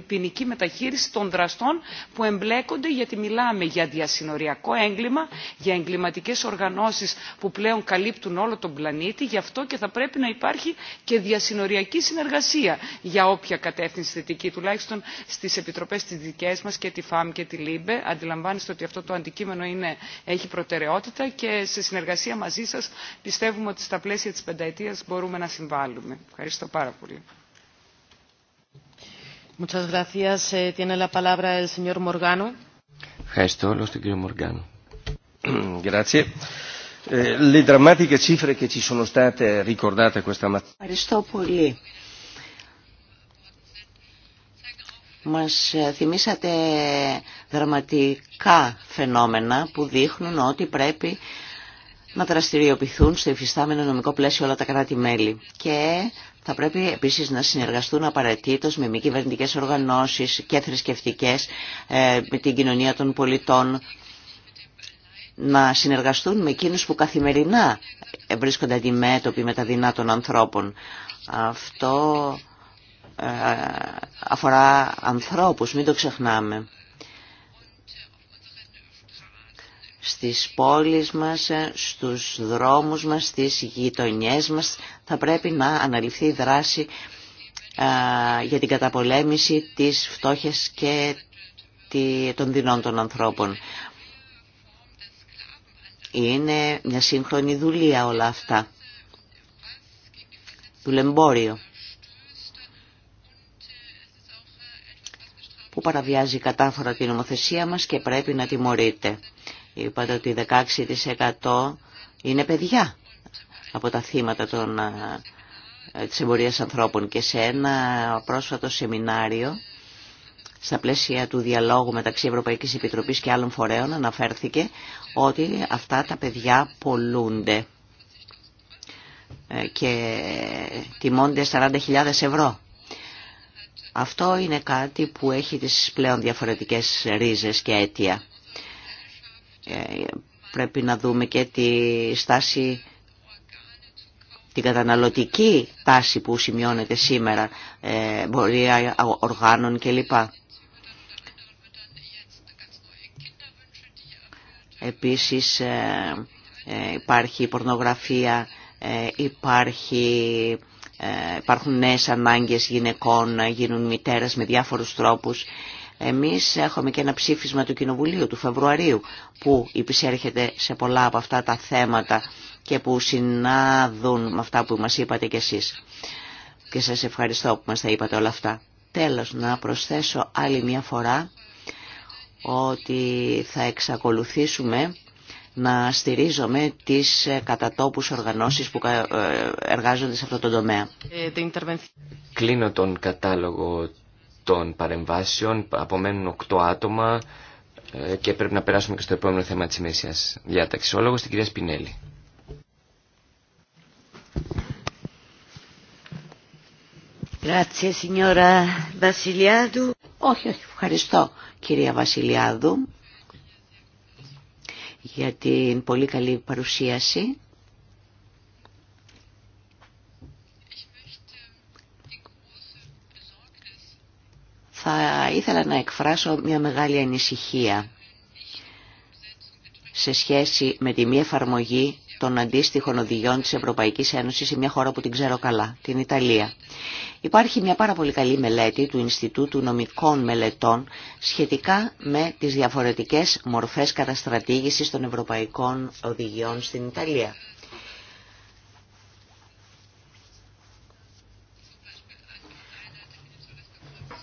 C: ποινική μεταχείριση των δραστών που εμπλέκονται γιατί μιλάμε για διασυνοριακό έγκλημα, για εγκληματικές οργανώσεις που πλέον καλύπτουν όλο τον πλανήτη, γι' αυτό και θα πρέπει να υπάρχει και διασυνοριακή συνεργασία για όποια κατεύθυνση θετική, τουλάχιστον στις επιτροπές τις δικές μας και τη ΦΑΜ και τη ΛΥΜΠΕ. Αντιλαμβάνεστε ότι αυτό το αντικείμενο είναι, έχει προτεραιότητα και σε συνεργασία μαζί σας πιστεύουμε ότι στα πλαίσια της πενταετίας μπορούμε να συμβάλλουμε. Ευχαριστώ πάρα πολύ. Ευχαριστώ
A: πολύ. Μας ε, θυμήσατε δραματικά φαινόμενα που δείχνουν ότι πρέπει να δραστηριοποιηθούν στο υφιστάμενο νομικό πλαίσιο όλα τα κράτη-μέλη. Και θα πρέπει επίσης να συνεργαστούν απαραίτητος με μη κυβερνητικέ οργανώσεις και θρησκευτικέ, ε, με την κοινωνία των πολιτών, να συνεργαστούν με εκείνους που καθημερινά βρίσκονται αντιμέτωποι με τα δεινά των ανθρώπων. Αυτό ε, αφορά ανθρώπους, μην το ξεχνάμε. στις πόλεις μας, ε, στους δρόμους μας, στις γειτονιές μας. Θα πρέπει να αναλυθεί η δράση για την καταπολέμηση της φτώχειας και των δεινών των ανθρώπων. Είναι μια σύγχρονη δουλεία όλα αυτά. Δουλεμπόριο. Που παραβιάζει κατάφορα την νομοθεσία μας και πρέπει να τιμωρείται. Είπατε ότι 16% είναι παιδιά από τα θύματα των, ε, της εμπορίας ανθρώπων και σε ένα πρόσφατο σεμινάριο στα πλαίσια του διαλόγου μεταξύ Ευρωπαϊκής Επιτροπής και άλλων φορέων αναφέρθηκε ότι αυτά τα παιδιά πολλούνται ε, και τιμώνται 40.000 ευρώ. Αυτό είναι κάτι που έχει τις πλέον διαφορετικές ρίζες και αίτια. Ε, πρέπει να δούμε και τη στάση την καταναλωτική τάση που σημειώνεται σήμερα, ε, εμπορία οργάνων κλπ. Επίσης ε, υπάρχει πορνογραφία, υπάρχει, υπάρχουν νέες ανάγκες γυναικών να γίνουν μητέρες με διάφορους τρόπους εμείς έχουμε και ένα ψήφισμα του Κοινοβουλίου του Φεβρουαρίου που υπησέρχεται σε πολλά από αυτά τα θέματα και που συνάδουν με αυτά που μας είπατε κι εσείς. Και σας ευχαριστώ που μας τα είπατε όλα αυτά. Τέλος, να προσθέσω άλλη μια φορά ότι θα εξακολουθήσουμε να στηρίζομαι τις κατατόπους οργανώσεις που ε, εργάζονται σε αυτό το τομέα. Ε,
B: Κλείνω τον κατάλογο των παρεμβάσεων. Απομένουν οκτώ άτομα ε, και πρέπει να περάσουμε και στο επόμενο θέμα της Μέσιας διάταξης. Ο λόγος στην κυρία Σπινέλη.
A: Όχι, όχι, ευχαριστώ κυρία Βασιλιάδου για την πολύ καλή παρουσίαση θα ήθελα να εκφράσω μια μεγάλη ανησυχία σε σχέση με τη μη εφαρμογή των αντίστοιχων οδηγιών της Ευρωπαϊκής Ένωσης σε μια χώρα που την ξέρω καλά, την Ιταλία. Υπάρχει μια πάρα πολύ καλή μελέτη του Ινστιτούτου Νομικών Μελετών σχετικά με τις διαφορετικές μορφές καταστρατήγησης των ευρωπαϊκών οδηγιών στην Ιταλία.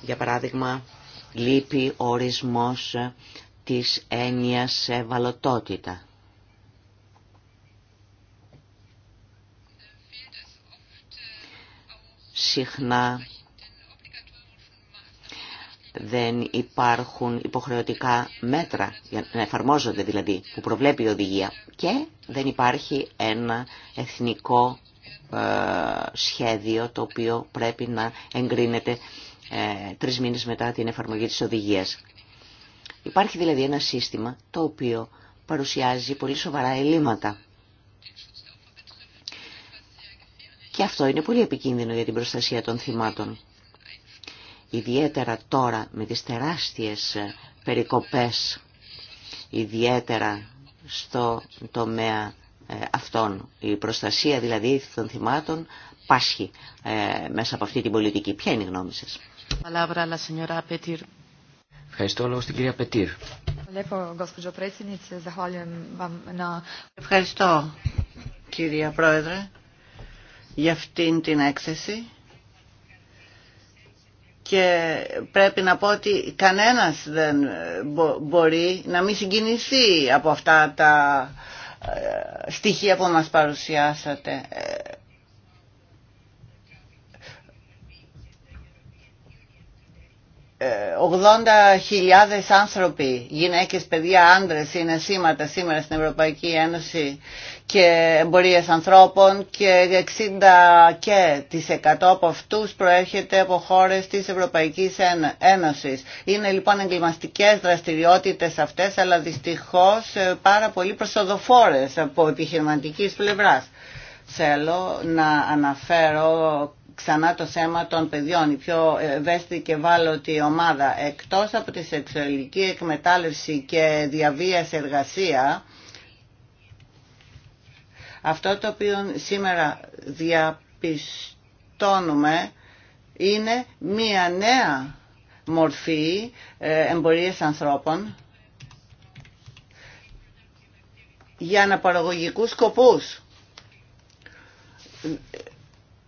A: Για παράδειγμα, λείπει ο ορισμός της έννοιας ευαλωτότητα. Συχνά δεν υπάρχουν υποχρεωτικά μέτρα, να εφαρμόζονται δηλαδή, που προβλέπει η οδηγία και δεν υπάρχει ένα εθνικό ε, σχέδιο το οποίο πρέπει να εγκρίνεται ε, τρεις μήνες μετά την εφαρμογή της οδηγίας. Υπάρχει δηλαδή ένα σύστημα το οποίο παρουσιάζει πολύ σοβαρά ελλείμματα. Και αυτό είναι πολύ επικίνδυνο για την προστασία των θυμάτων. Ιδιαίτερα τώρα με τις τεράστιες ε, περικοπές, ιδιαίτερα στο τομέα ε, αυτών. Η προστασία δηλαδή των θυμάτων πάσχει ε, μέσα από αυτή την πολιτική. Ποια είναι η γνώμη σας. Ευχαριστώ όλο στην κυρία Πετήρ.
D: Ευχαριστώ κυρία Πρόεδρε για αυτήν την έκθεση και πρέπει να πω ότι κανένας δεν ε, μπορεί να μην συγκινηθεί από αυτά τα ε, στοιχεία που μας παρουσιάσατε. Ε, 80.000 άνθρωποι, γυναίκες, παιδιά, άντρες είναι σήματα σήμερα στην Ευρωπαϊκή Ένωση και εμπορίες ανθρώπων και 60% και τις 100 από αυτούς προέρχεται από χώρες της Ευρωπαϊκής Ένωσης. Είναι λοιπόν εγκληματικές δραστηριότητες αυτές αλλά δυστυχώς ε, πάρα πολύ προσοδοφόρες από επιχειρηματικής πλευράς. Θέλω να αναφέρω ξανά το θέμα των παιδιών, η πιο ευαίσθητη και βάλωτη ομάδα. Εκτός από τη σεξουαλική εκμετάλλευση και διαβία εργασία, αυτό το οποίο σήμερα διαπιστώνουμε είναι μία νέα μορφή ε, εμπορίας ανθρώπων για αναπαραγωγικούς σκοπούς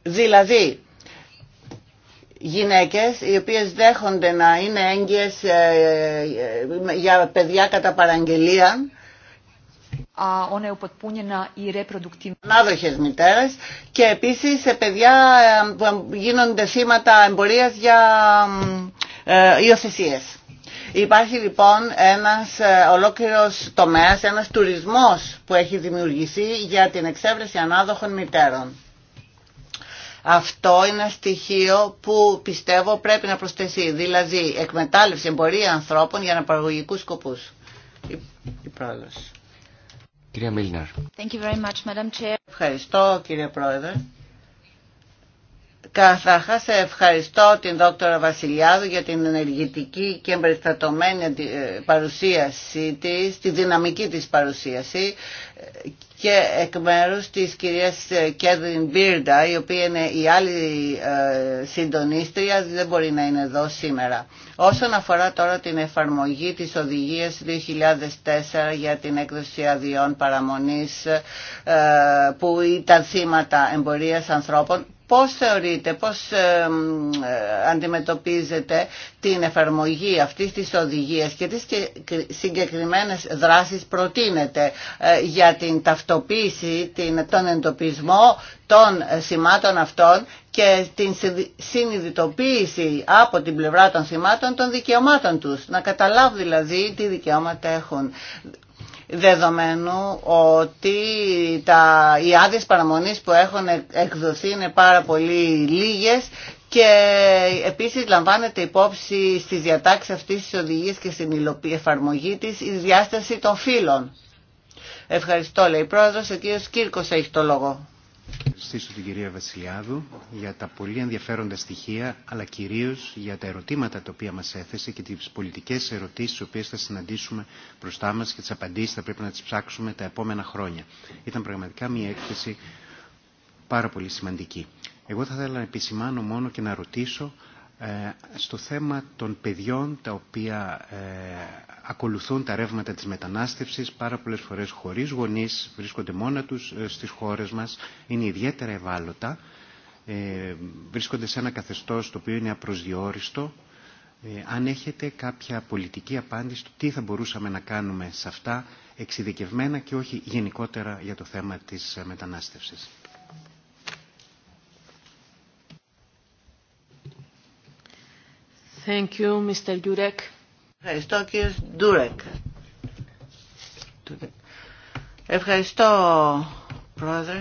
D: Δηλαδή, γυναίκες οι οποίες δέχονται να είναι έγκυες ε, ε, για παιδιά κατά παραγγελία ανάδοχες μητέρες και επίσης σε παιδιά που ε, γίνονται θύματα εμπορίας για υιοθεσίες. Υπάρχει λοιπόν ένας ολόκληρος τομέας, ένας τουρισμός που έχει δημιουργηθεί για την εξέβρεση ανάδοχων μητέρων. Αυτό είναι ένα στοιχείο που πιστεύω πρέπει να προσθεθεί, δηλαδή εκμετάλλευση εμπορία ανθρώπων για αναπαραγωγικού σκοπούς. Η,
B: Κυρία
D: Ευχαριστώ κύριε Πρόεδρε. Καταρχά ευχαριστώ την δόκτωρα Βασιλιάδου για την ενεργητική και εμπεριστατωμένη ε, παρουσίασή της, τη δυναμική της παρουσίαση και εκ μέρους της κυρίας ε, Κέντριν Μπίρντα, η οποία είναι η άλλη ε, συντονίστρια, δεν μπορεί να είναι εδώ σήμερα. Όσον αφορά τώρα την εφαρμογή της οδηγίας 2004 για την έκδοση αδειών παραμονής που ήταν θύματα εμπορίας ανθρώπων, Πώς θεωρείτε, πώς ε, αντιμετωπίζετε την εφαρμογή αυτής της οδηγίας και τις συγκεκριμένες δράσεις προτείνετε ε, για την ταυτοποίηση, τον εντοπισμό των σημάτων αυτών και την συνειδητοποίηση από την πλευρά των σημάτων των δικαιωμάτων τους. Να καταλάβουν δηλαδή τι δικαιώματα έχουν δεδομένου ότι τα, οι άδειε παραμονής που έχουν εκδοθεί είναι πάρα πολύ λίγες και επίσης λαμβάνεται υπόψη στις διατάξεις αυτής της οδηγίας και στην εφαρμογή της η διάσταση των φύλων. Ευχαριστώ λέει πρόεδρος, ο κύριος Κύρκος έχει το λόγο.
B: Ευχαριστήσω την κυρία Βασιλιάδου για τα πολύ ενδιαφέροντα στοιχεία, αλλά κυρίως για τα ερωτήματα τα οποία μας έθεσε και τις πολιτικές ερωτήσεις τις οποίες θα συναντήσουμε μπροστά μας και τις απαντήσεις θα
D: πρέπει να τις ψάξουμε τα επόμενα χρόνια. Ήταν πραγματικά μια έκθεση πάρα πολύ σημαντική. Εγώ θα ήθελα να επισημάνω μόνο και να ρωτήσω ε, στο θέμα των παιδιών τα οποία ε, ακολουθούν τα ρεύματα της μετανάστευσης, πάρα πολλές φορές χωρίς γονείς, βρίσκονται μόνα τους ε, στις χώρες μας, είναι ιδιαίτερα
B: ευάλωτα, ε, βρίσκονται σε ένα καθεστώς το οποίο είναι απροσδιόριστο. Ε, αν έχετε κάποια πολιτική απάντηση του τι θα μπορούσαμε να κάνουμε σε αυτά,
D: εξειδικευμένα και όχι γενικότερα για το θέμα της μετανάστευσης.
C: Thank you, Mr. Jurek.
D: Ευχαριστώ κύριε Ντούρεκ. Ευχαριστώ πρόεδρε.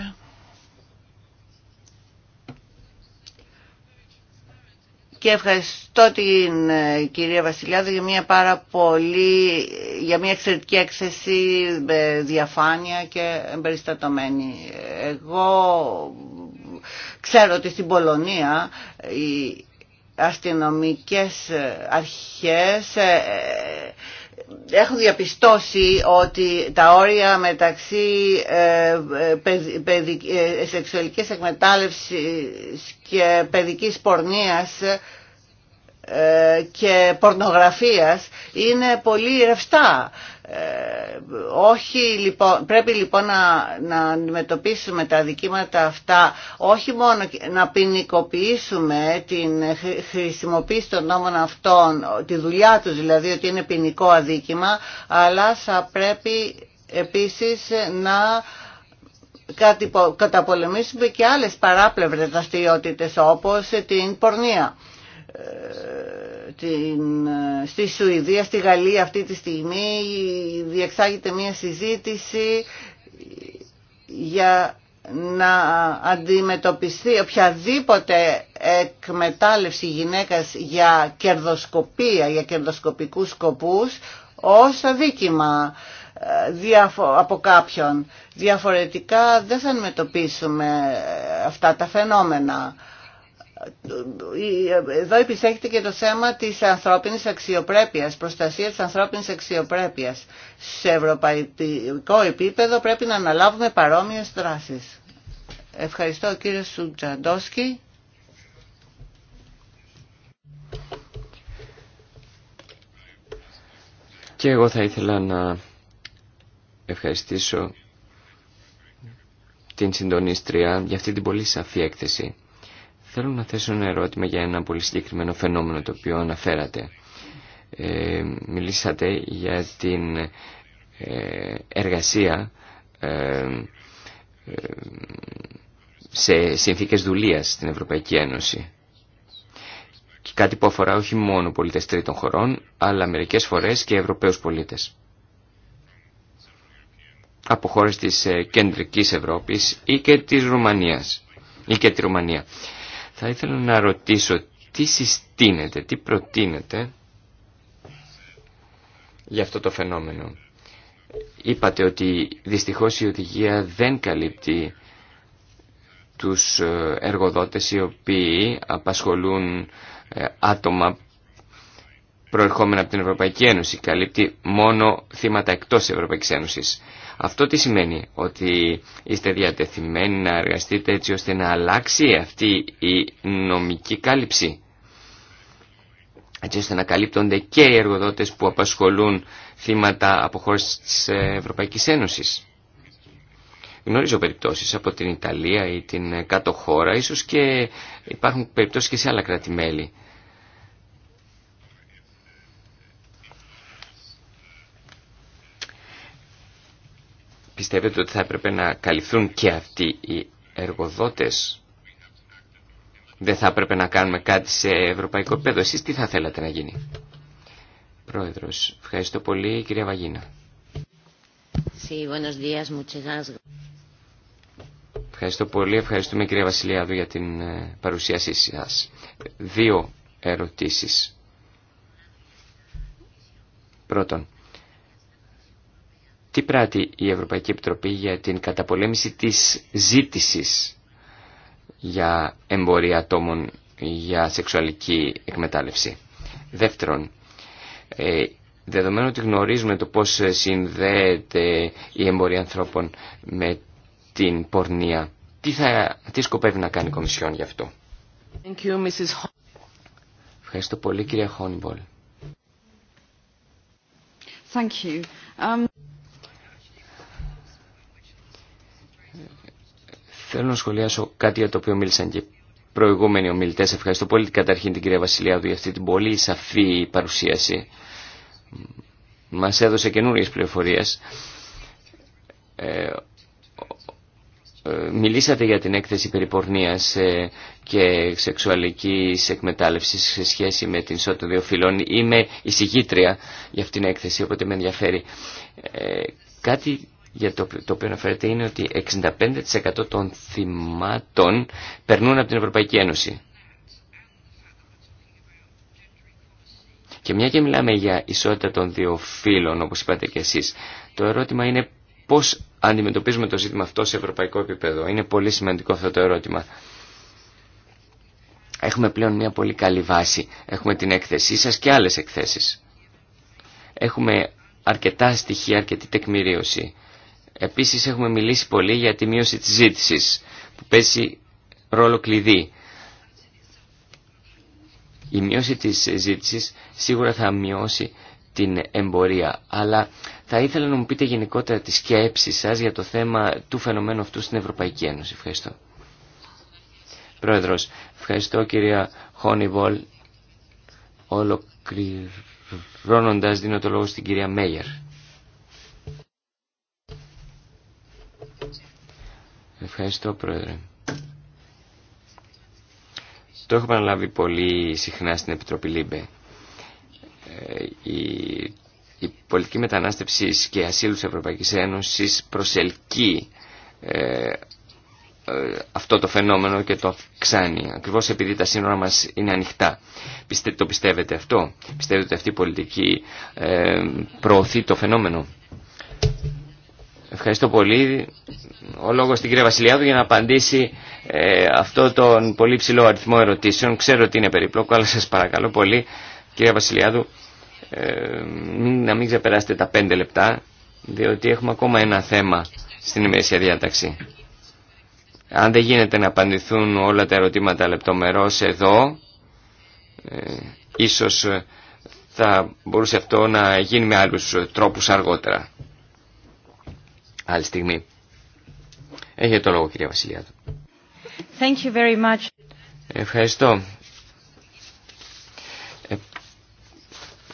D: Και ευχαριστώ την ε, κυρία Βασιλιάδη για μια πάρα πολύ, για μια εξαιρετική έκθεση, διαφάνεια και εμπεριστατωμένη. Εγώ ξέρω ότι στην Πολωνία αστυνομικές ε, αρχές ε, ε, έχουν διαπιστώσει ότι τα όρια μεταξύ σεξουαλικής εκμετάλλευσης και παιδικής πορνείας και πορνογραφίας είναι πολύ ρευστά ε, όχι, λοιπόν, πρέπει λοιπόν να, να αντιμετωπίσουμε τα δικήματα αυτά, όχι μόνο να ποινικοποιήσουμε την χρησιμοποίηση των νόμων αυτών, τη δουλειά τους δηλαδή ότι είναι ποινικό αδίκημα, αλλά θα πρέπει επίσης να καταπολεμήσουμε και άλλες παράπλευρες δραστηριότητε όπως την πορνεία. Ε, στη Σουηδία, στη Γαλλία αυτή τη στιγμή διεξάγεται μια συζήτηση για να αντιμετωπιστεί οποιαδήποτε εκμετάλλευση γυναίκας για κερδοσκοπία, για κερδοσκοπικούς σκοπούς ως αδίκημα ε, από κάποιον. Διαφορετικά δεν θα αντιμετωπίσουμε ε, αυτά τα φαινόμενα εδώ επισέχεται και το θέμα της ανθρώπινης αξιοπρέπειας, προστασία της ανθρώπινης αξιοπρέπειας. Σε ευρωπαϊκό επίπεδο πρέπει να αναλάβουμε παρόμοιες δράσεις. Ευχαριστώ κύριε Σουτζαντόσκι.
B: Και εγώ θα ήθελα να ευχαριστήσω την συντονίστρια για αυτή την πολύ σαφή έκθεση. Θέλω να θέσω ένα ερώτημα για ένα πολύ συγκεκριμένο φαινόμενο το οποίο αναφέρατε. Ε, μιλήσατε για την ε, εργασία ε, ε, σε συνθήκες δουλείας στην Ευρωπαϊκή Ένωση. Και κάτι που αφορά όχι μόνο πολίτες τρίτων χωρών, αλλά μερικές φορές και Ευρωπαίους πολίτες. Από χώρες της ε, κεντρικής Ευρώπης ή και της Ρουμανίας. Ή και τη Ρουμανία. Θα ήθελα να ρωτήσω τι συστήνεται, τι προτείνεται για αυτό το φαινόμενο. Είπατε ότι δυστυχώς η οδηγία δεν καλύπτει τους ε, εργοδότες οι οποίοι απασχολούν ε, άτομα προερχόμενα από την Ευρωπαϊκή Ένωση. Καλύπτει μόνο θύματα εκτός Ευρωπαϊκής Ένωσης. Αυτό τι σημαίνει, ότι είστε διατεθειμένοι να εργαστείτε έτσι ώστε να αλλάξει αυτή η νομική κάλυψη. Έτσι ώστε να καλύπτονται και οι εργοδότες που απασχολούν θύματα από χώρες της Ευρωπαϊκής Ένωσης. Γνωρίζω περιπτώσεις από την Ιταλία ή την κάτω χώρα, ίσως και υπάρχουν περιπτώσεις και σε άλλα κράτη-μέλη. πιστεύετε ότι θα έπρεπε να καλυφθούν και αυτοί οι εργοδότες. Δεν θα έπρεπε να κάνουμε κάτι σε ευρωπαϊκό επίπεδο. Εσείς τι θα θέλατε να γίνει. Πρόεδρος, ευχαριστώ πολύ κυρία Βαγίνα. Ευχαριστώ πολύ. Ευχαριστούμε κυρία Βασιλιάδου για την ε, παρουσίασή σας. Δύο ερωτήσεις. Πρώτον, τι πράττει η Ευρωπαϊκή Επιτροπή για την καταπολέμηση της ζήτησης για εμπορία ατόμων για σεξουαλική εκμετάλλευση. Δεύτερον, ε, δεδομένου ότι γνωρίζουμε το πώς συνδέεται η εμπορία ανθρώπων με την πορνεία, τι, θα, τι σκοπεύει να κάνει η Κομισιόν γι' αυτό.
C: you,
B: Ευχαριστώ πολύ κυρία Χόνιμπολ.
C: Um,
B: Θέλω να σχολιάσω κάτι για το οποίο μίλησαν και προηγούμενοι ομιλητέ. Ευχαριστώ πολύ καταρχήν την κυρία Βασιλιάδου για αυτή την πολύ σαφή παρουσίαση. Μα έδωσε καινούριε πληροφορίε. Ε, ε, μιλήσατε για την έκθεση περιπορνείας ε, και σεξουαλικής εκμετάλλευσης σε σχέση με την ισότητα δύο φυλών. Είμαι εισηγήτρια για αυτήν την έκθεση, οπότε με ενδιαφέρει. κάτι για το, το οποίο αναφέρεται είναι ότι 65% των θυμάτων περνούν από την Ευρωπαϊκή Ένωση. Και μια και μιλάμε για ισότητα των δύο φύλων, όπως είπατε και εσείς, το ερώτημα είναι πώς αντιμετωπίζουμε το ζήτημα αυτό σε ευρωπαϊκό επίπεδο. Είναι πολύ σημαντικό αυτό το ερώτημα. Έχουμε πλέον μια πολύ καλή βάση. Έχουμε την έκθεσή σας και άλλες εκθέσεις. Έχουμε αρκετά στοιχεία, αρκετή τεκμηρίωση. Επίσης έχουμε μιλήσει πολύ για τη μείωση της ζήτησης που παίζει ρόλο κλειδί. Η μείωση της ζήτησης σίγουρα θα μειώσει την εμπορία. Αλλά θα ήθελα να μου πείτε γενικότερα τη σκέψη σας για το θέμα του φαινομένου αυτού στην Ευρωπαϊκή Ένωση. Ευχαριστώ. Πρόεδρος, ευχαριστώ κυρία Χόνιβολ. Ολοκληρώνοντας δίνω το λόγο στην κυρία Μέγερ. Ευχαριστώ, Πρόεδρε. Το έχουμε αναλάβει πολύ συχνά στην Επιτροπή ΛΥΜΠΕ. Ε, η, πολιτική μετανάστευση και ασύλου της Ευρωπαϊκής Ένωσης προσελκύει ε, ε, αυτό το φαινόμενο και το αυξάνει. Ακριβώς επειδή τα σύνορα μας είναι ανοιχτά. Πιστε, το πιστεύετε αυτό. Πιστεύετε ότι αυτή η πολιτική ε, προωθεί το φαινόμενο. Ευχαριστώ πολύ. Ο λόγος στην κυρία Βασιλιάδου για να απαντήσει ε, αυτό τον πολύ ψηλό αριθμό ερωτήσεων. Ξέρω ότι είναι περιπλόκο, αλλά σας παρακαλώ πολύ, κυρία Βασιλιάδου, ε, να μην ξεπεράσετε τα πέντε λεπτά, διότι έχουμε ακόμα ένα θέμα στην ημερήσια διάταξη. Αν δεν γίνεται να απαντηθούν όλα τα ερωτήματα λεπτομερώς εδώ, ε, ίσως ε, θα μπορούσε αυτό να γίνει με άλλους τρόπους αργότερα άλλη στιγμή. Έχετε το λόγο κυρία Βασιλιάδου.
C: Thank you very much.
B: Ευχαριστώ. Ε,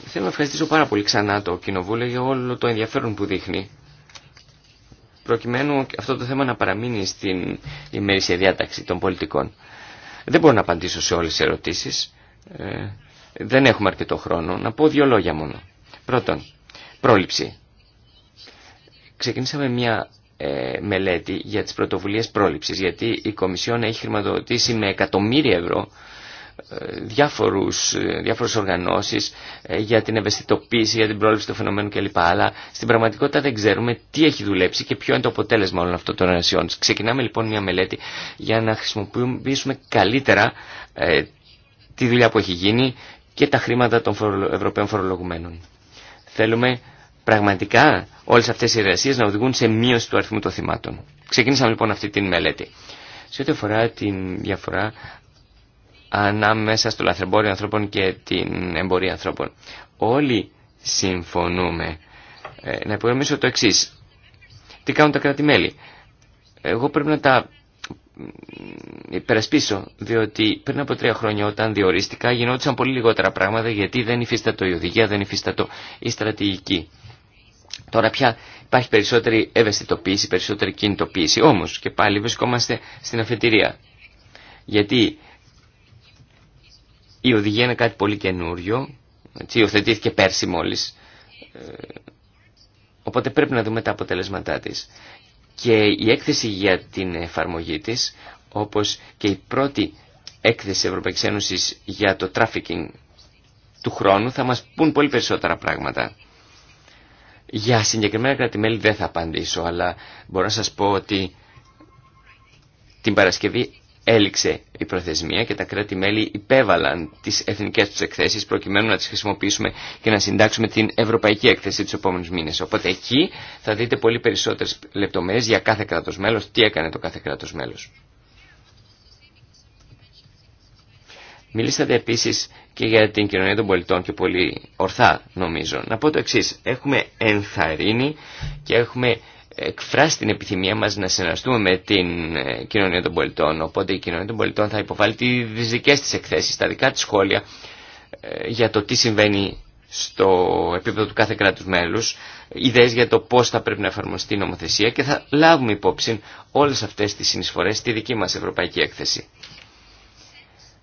B: θέλω να ευχαριστήσω πάρα πολύ ξανά το Κοινοβούλιο για όλο το ενδιαφέρον που δείχνει προκειμένου αυτό το θέμα να παραμείνει στην ημέρηση διάταξη των πολιτικών. Δεν μπορώ να απαντήσω σε όλες τις ερωτήσεις. Ε, δεν έχουμε αρκετό χρόνο. Να πω δύο λόγια μόνο. Πρώτον, πρόληψη ξεκινήσαμε μια ε, μελέτη για τις πρωτοβουλίες πρόληψης, γιατί η Κομισιόν έχει χρηματοδοτήσει με εκατομμύρια ευρώ ε, διάφορους, ε, οργανώσει οργανώσεις για την ευαισθητοποίηση, για την πρόληψη του φαινομένου κλπ. Αλλά στην πραγματικότητα δεν ξέρουμε τι έχει δουλέψει και ποιο είναι το αποτέλεσμα όλων αυτών των εργασιών. Ξεκινάμε λοιπόν μια μελέτη για να χρησιμοποιήσουμε καλύτερα ε, τη δουλειά που έχει γίνει και τα χρήματα των Ευρωπαίων φορολογουμένων. Θέλουμε πραγματικά όλες αυτές οι εργασίες να οδηγούν σε μείωση του αριθμού των θυμάτων. Ξεκίνησαμε λοιπόν αυτή τη μελέτη. Σε ό,τι αφορά την διαφορά ανάμεσα στο λαθρεμπόριο ανθρώπων και την εμπορία ανθρώπων. Όλοι συμφωνούμε. Ε, να υπογραμμίσω το εξή. Τι κάνουν τα κράτη-μέλη. Εγώ πρέπει να τα υπερασπίσω, διότι πριν από τρία χρόνια όταν διορίστηκα γινόντουσαν πολύ λιγότερα πράγματα γιατί δεν υφίστατο η οδηγία, δεν υφίστατο η στρατηγική. Τώρα πια υπάρχει περισσότερη ευαισθητοποίηση, περισσότερη κινητοποίηση. Όμως και πάλι βρισκόμαστε στην αφετηρία. Γιατί η οδηγία είναι κάτι πολύ καινούριο, έτσι, υιοθετήθηκε πέρσι μόλις, ε, οπότε πρέπει να δούμε τα αποτελέσματά της. Και η έκθεση για την εφαρμογή της, όπως και η πρώτη έκθεση Ευρωπαϊκή Ένωσης για το τράφικινγκ του χρόνου, θα μας πούν πολύ περισσότερα πράγματα. Για συγκεκριμένα κράτη-μέλη δεν θα απαντήσω, αλλά μπορώ να σας πω ότι την Παρασκευή έληξε η προθεσμία και τα κράτη-μέλη υπέβαλαν τις εθνικές τους εκθέσεις προκειμένου να τις χρησιμοποιήσουμε και να συντάξουμε την ευρωπαϊκή έκθεση τους επόμενους μήνες. Οπότε εκεί θα δείτε πολύ περισσότερες λεπτομέρειες για κάθε κράτος μέλος, τι έκανε το κάθε κράτος μέλος. Μιλήσατε επίση και για την κοινωνία των πολιτών και πολύ ορθά νομίζω. Να πω το εξή: έχουμε ενθαρρύνει και έχουμε εκφράσει την επιθυμία μας να συνεργαστούμε με την ε, κοινωνία των πολιτών. Οπότε η κοινωνία των πολιτών θα υποβάλει τις δικές της εκθέσεις, τα δικά της σχόλια ε, για το τι συμβαίνει στο επίπεδο του κάθε κράτους μέλους, ιδέες για το πώς θα πρέπει να εφαρμοστεί η νομοθεσία και θα λάβουμε υπόψη όλες αυτές τις συνεισφορές στη δική μας ευρωπαϊκή έκθεση.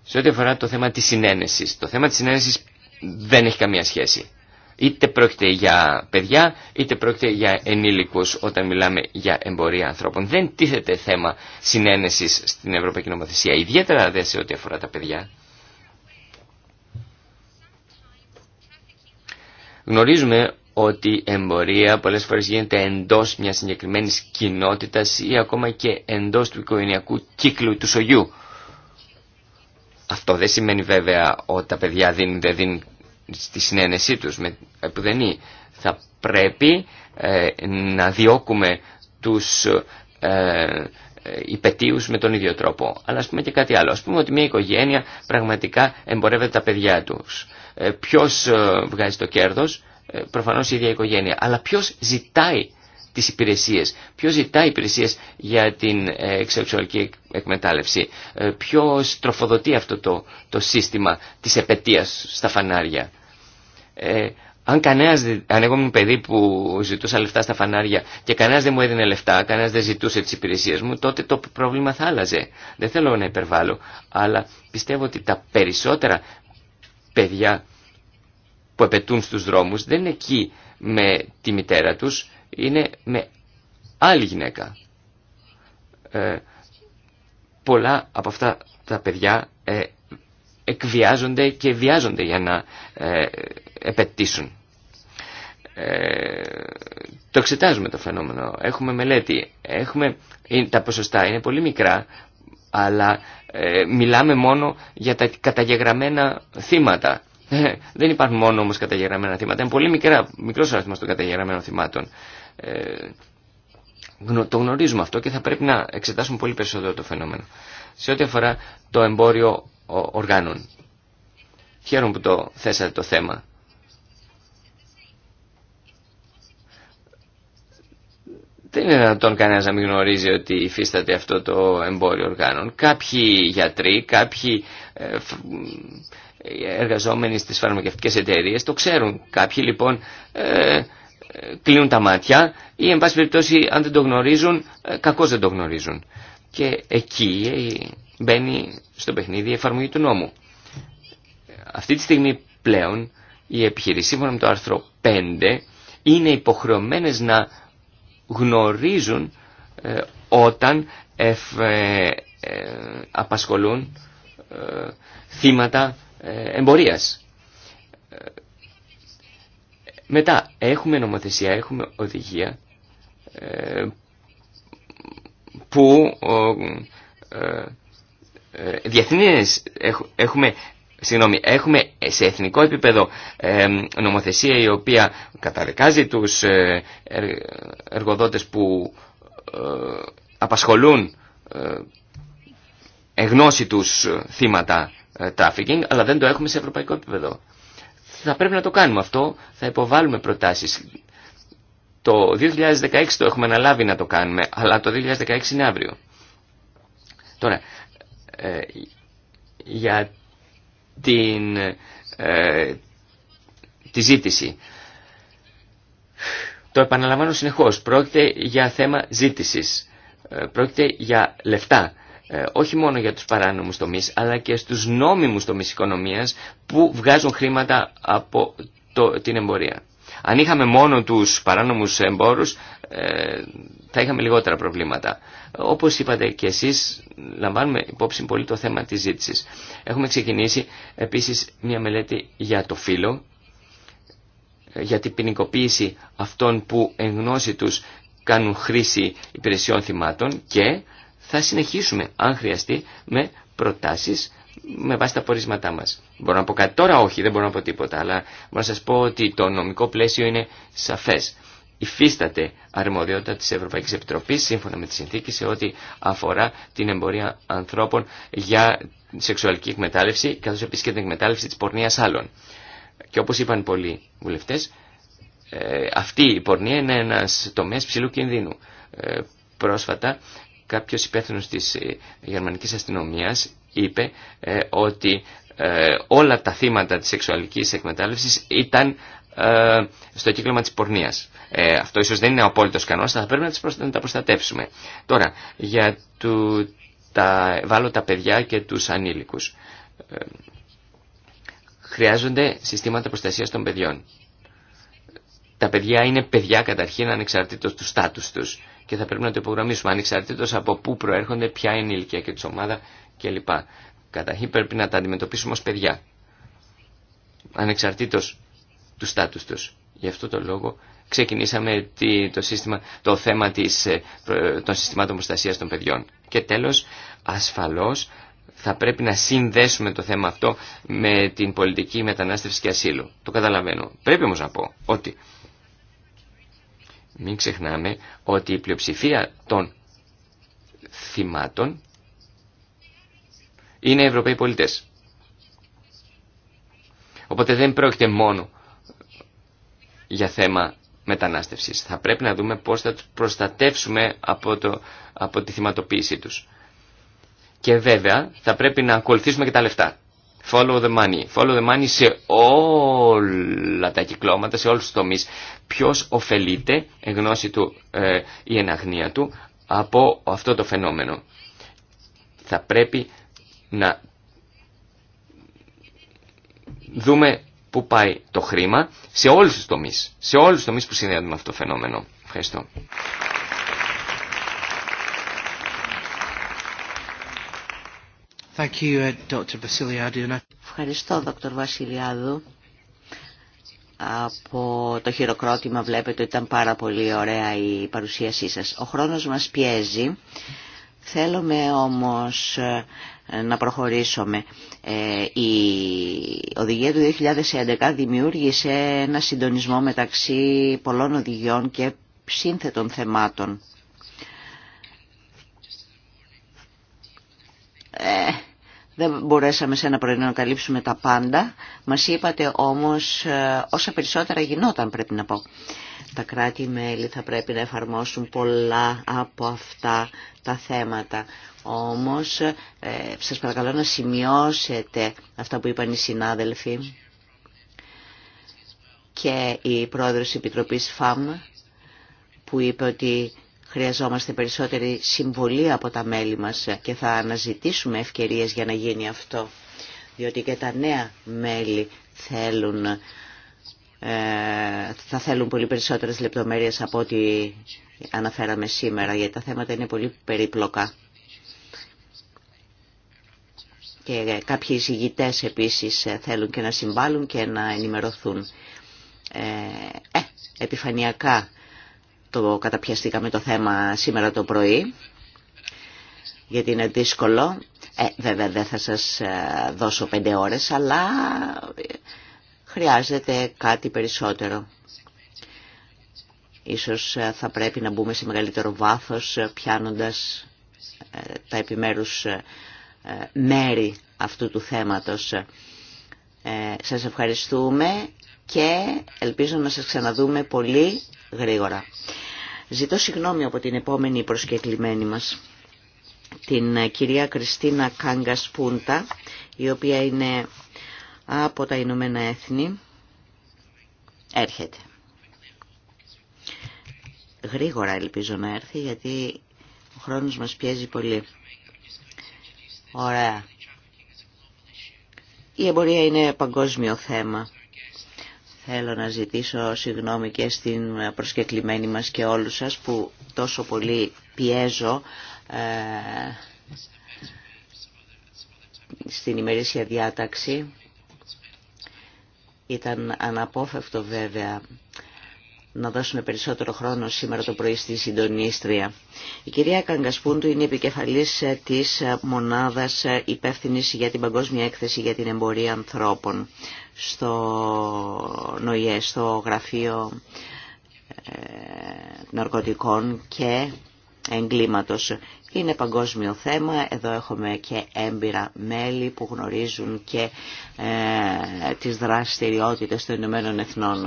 B: Σε ό,τι αφορά το θέμα της συνένεσης. Το θέμα της συνένεσης δεν έχει καμία σχέση. Είτε πρόκειται για παιδιά, είτε πρόκειται για ενήλικους όταν μιλάμε για εμπορία ανθρώπων. Δεν τίθεται θέμα συνένεσης στην Ευρωπαϊκή Νομοθεσία, ιδιαίτερα δε σε ό,τι αφορά τα παιδιά. Γνωρίζουμε ότι εμπορία πολλές φορές γίνεται εντός μιας συγκεκριμένης κοινότητας ή ακόμα και εντός του οικογενειακού κύκλου του σογιού. Αυτό δεν σημαίνει βέβαια ότι τα παιδιά δίνουν, δεν δίνουν στη συνένεσή τους με επουδενή. Θα πρέπει ε, να διώκουμε τους ε, ε, υπετίους με τον ίδιο τρόπο. Αλλά ας πούμε και κάτι άλλο. Ας πούμε ότι μια οικογένεια πραγματικά εμπορεύεται τα παιδιά τους. Ε, ποιος ε, βγάζει το κέρδος, ε, προφανώς η ίδια οικογένεια. Αλλά ποιος ζητάει τις υπηρεσίες. Ποιος ζητά υπηρεσίες για την ε, εξεξουαλική εκμετάλλευση. Ε, ποιος τροφοδοτεί αυτό το, το σύστημα της επαιτίας στα φανάρια. Ε, αν κανένας, αν εγώ ήμουν παιδί που ζητούσα λεφτά στα φανάρια και κανένας δεν μου έδινε λεφτά, κανένας δεν ζητούσε τις υπηρεσίες μου, τότε το πρόβλημα θα άλλαζε. Δεν θέλω να υπερβάλλω, αλλά πιστεύω ότι τα περισσότερα παιδιά που επαιτούν στους δρόμους δεν είναι εκεί με τη μητέρα τους, είναι με άλλη γυναίκα. Ε, πολλά από αυτά τα παιδιά ε, εκβιάζονται και βιάζονται για να ε, επαιτήσουν. Ε, το εξετάζουμε το φαινόμενο, έχουμε μελέτη, έχουμε, τα ποσοστά είναι πολύ μικρά, αλλά ε, μιλάμε μόνο για τα καταγεγραμμένα θύματα. Ε, δεν υπάρχουν μόνο όμως καταγεγραμμένα θύματα, είναι πολύ μικρά, μικρός αριθμό των καταγεγραμμένων θυμάτων. Ε, το γνωρίζουμε αυτό και θα πρέπει να εξετάσουμε πολύ περισσότερο το φαινόμενο. Σε ό,τι αφορά το εμπόριο οργάνων. Χαίρομαι που το θέσατε το θέμα. Δεν είναι δυνατόν κανένα να μην γνωρίζει ότι υφίσταται αυτό το εμπόριο οργάνων. Κάποιοι γιατροί, κάποιοι ε, ε, εργαζόμενοι στις φαρμακευτικές εταιρείες το ξέρουν. Κάποιοι λοιπόν κλείνουν τα μάτια ή εν πάση περιπτώσει αν δεν το γνωρίζουν ε, κακώς δεν το γνωρίζουν. Και εκεί ε, μπαίνει στο παιχνίδι η εφαρμογή του νόμου. Αυτή τη στιγμή πλέον οι επιχειρήσεις σύμφωνα με το άρθρο 5 είναι υποχρεωμένες να γνωρίζουν ε, όταν απασχολούν θύματα εμπορίας. Μετά έχουμε νομοθεσία, έχουμε οδηγία ε, που ε, ε, διεθνείς έχουμε Συγγνώμη, έχουμε σε εθνικό επίπεδο νομοθεσία η οποία καταδικάζει τους εργοδότες που απασχολούν εγνώση τους θύματα trafficking αλλά δεν το έχουμε σε ευρωπαϊκό επίπεδο θα πρέπει να το κάνουμε αυτό, θα υποβάλουμε προτάσεις. Το 2016 το έχουμε αναλάβει να το κάνουμε, αλλά το 2016 είναι αύριο. Τώρα, ε, για την, ε, τη ζήτηση. Το επαναλαμβάνω συνεχώς. Πρόκειται για θέμα ζήτησης. Ε, πρόκειται για λεφτά. Ε, όχι μόνο για τους παράνομους τομείς, αλλά και στους νόμιμους τομείς οικονομίας που βγάζουν χρήματα από το, την εμπορία. Αν είχαμε μόνο τους παράνομους εμπόρους, ε, θα είχαμε λιγότερα προβλήματα. Όπως είπατε και εσείς, λαμβάνουμε υπόψη πολύ το θέμα της ζήτησης. Έχουμε ξεκινήσει επίσης μια μελέτη για το φύλλο, ε, για την ποινικοποίηση αυτών που εν γνώση τους κάνουν χρήση υπηρεσιών θυμάτων και θα συνεχίσουμε, αν χρειαστεί, με προτάσεις με βάση τα πορίσματά μας. Μπορώ να πω κάτι τώρα, όχι, δεν μπορώ να πω τίποτα, αλλά μπορώ να σας πω ότι το νομικό πλαίσιο είναι σαφές. Υφίσταται αρμοδιότητα της Ευρωπαϊκής Επιτροπής, σύμφωνα με τη συνθήκη, σε ό,τι αφορά την εμπορία ανθρώπων για σεξουαλική εκμετάλλευση, καθώς επίσης και την εκμετάλλευση της πορνείας άλλων. Και όπως είπαν πολλοί βουλευτές, ε, αυτή η πορνεία είναι ένας τομέας ψηλού κινδύνου. Ε, πρόσφατα κάποιος υπεύθυνος της ε, γερμανικής αστυνομίας είπε ε, ότι ε, όλα τα θύματα της σεξουαλικής εκμετάλλευσης ήταν στο κύκλωμα της πορνείας. αυτό ίσως δεν είναι ο απόλυτος κανόνας, θα πρέπει να, τις, τα προστατεύσουμε. Τώρα, για τα, βάλω τα παιδιά και τους ανήλικους. χρειάζονται συστήματα προστασίας των παιδιών. Τα παιδιά είναι παιδιά καταρχήν ανεξαρτήτως του στάτους τους και θα πρέπει να το υπογραμμίσουμε ανεξαρτήτως από πού προέρχονται, ποια είναι η ηλικία και τη ομάδα κλπ. Καταρχήν πρέπει να τα αντιμετωπίσουμε ως παιδιά, ανεξαρτήτως του στάτους τους. Γι' αυτό το λόγο ξεκινήσαμε το, σύστημα, το θέμα της, ε, των συστημάτων προστασία των παιδιών. Και τέλος, ασφαλώς θα πρέπει να συνδέσουμε το θέμα αυτό με την πολιτική μετανάστευση και ασύλου. Το καταλαβαίνω. Πρέπει όμως να πω ότι μην ξεχνάμε ότι η πλειοψηφία των θυμάτων είναι Ευρωπαίοι πολίτες. Οπότε δεν πρόκειται μόνο για θέμα μετανάστευσης. Θα πρέπει να δούμε πώς θα τους προστατεύσουμε από, το, από τη θυματοποίησή τους. Και βέβαια θα πρέπει να ακολουθήσουμε και τα λεφτά. Follow the money. Follow the money σε όλα τα κυκλώματα, σε όλους τους τομείς. Ποιος ωφελείται, εν γνώση του ή ε, εναγνία του, από αυτό το φαινόμενο. Θα πρέπει να δούμε πού πάει το χρήμα σε όλους τους τομείς. Σε όλους τους τομείς που συνδέονται με αυτό το φαινόμενο. Ευχαριστώ.
C: Thank you, uh, Dr.
A: Ευχαριστώ, Δόκτωρ Βασιλιάδου. Από το χειροκρότημα βλέπετε ότι ήταν πάρα πολύ ωραία η παρουσίασή σας. Ο χρόνος μας πιέζει. Θέλουμε όμως ε, να προχωρήσουμε. Ε, η οδηγία του 2011 δημιούργησε ένα συντονισμό μεταξύ πολλών οδηγιών και σύνθετων θεμάτων. Δεν μπορέσαμε σε ένα πρωινό να καλύψουμε τα πάντα. Μας είπατε όμως ε, όσα περισσότερα γινόταν πρέπει να πω. Τα κράτη-μέλη θα πρέπει να εφαρμόσουν πολλά από αυτά τα θέματα. Όμως ε, σας παρακαλώ να σημειώσετε αυτά που είπαν οι συνάδελφοι και η πρόεδρος της Επιτροπής ΦΑΜ που είπε ότι Χρειαζόμαστε περισσότερη συμβολή από τα μέλη μας και θα αναζητήσουμε ευκαιρίες για να γίνει αυτό. Διότι και τα νέα μέλη θέλουν, ε, θα θέλουν πολύ περισσότερες λεπτομέρειες από ό,τι αναφέραμε σήμερα, γιατί τα θέματα είναι πολύ περίπλοκα. Και κάποιοι εισηγητές επίσης θέλουν και να συμβάλλουν και να ενημερωθούν. Ε, ε επιφανειακά το καταπιαστήκαμε το θέμα σήμερα το πρωί, γιατί είναι δύσκολο. Ε, βέβαια δεν θα σας ε, δώσω πέντε ώρες, αλλά χρειάζεται κάτι περισσότερο. Ίσως ε, θα πρέπει να μπούμε σε μεγαλύτερο βάθος ε, πιάνοντας τα επιμέρους μέρη αυτού του θέματος. Σας ευχαριστούμε και ελπίζω να σας ξαναδούμε πολύ γρήγορα. Ζητώ συγγνώμη από την επόμενη προσκεκλημένη μας, την ε, κυρία Κριστίνα Κάγκας Πούντα, η οποία είναι από τα Ηνωμένα Έθνη. Έρχεται. Γρήγορα ελπίζω να έρθει, γιατί ο χρόνος μας πιέζει πολύ. Ωραία. Η εμπορία είναι παγκόσμιο θέμα Θέλω να ζητήσω συγγνώμη και στην προσκεκλημένη μας και όλους σας που τόσο πολύ πιέζω ε, στην ημερήσια διάταξη. Ήταν αναπόφευκτο βέβαια να δώσουμε περισσότερο χρόνο σήμερα το πρωί στη συντονίστρια. Η κυρία Καγκασπούντου είναι επικεφαλής ε, της ε, μονάδας ε, υπεύθυνη για την Παγκόσμια Έκθεση για την Εμπορία Ανθρώπων στο στο Γραφείο Ναρκωτικών και Εγκλήματος. Είναι παγκόσμιο θέμα, εδώ έχουμε και έμπειρα μέλη που γνωρίζουν και ε, τις δραστηριότητες των Ηνωμένων Εθνών.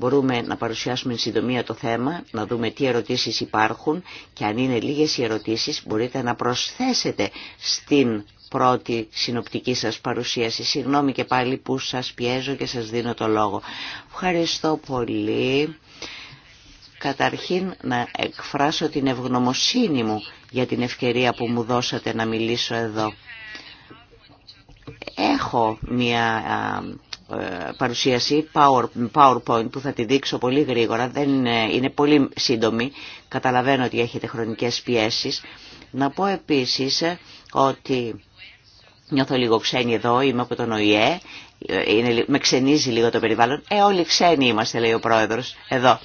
A: Μπορούμε να παρουσιάσουμε εν συντομία το θέμα, να δούμε τι ερωτήσεις υπάρχουν και αν είναι λίγες οι ερωτήσεις μπορείτε να προσθέσετε στην πρώτη συνοπτική σας παρουσίαση. Συγγνώμη και πάλι που σας πιέζω και σας δίνω το λόγο. Ευχαριστώ πολύ. Καταρχήν να εκφράσω την ευγνωμοσύνη μου για την ευκαιρία που μου δώσατε να μιλήσω εδώ. Έχω μια ε, παρουσίαση PowerPoint που θα τη δείξω πολύ γρήγορα, δεν ε, είναι, πολύ σύντομη, καταλαβαίνω ότι έχετε χρονικές πιέσεις. Να πω επίσης ε, ότι νιώθω λίγο ξένη εδώ, είμαι από τον ΟΗΕ, είναι, με ξενίζει λίγο το περιβάλλον. Ε, όλοι ξένοι είμαστε, λέει ο πρόεδρος, εδώ.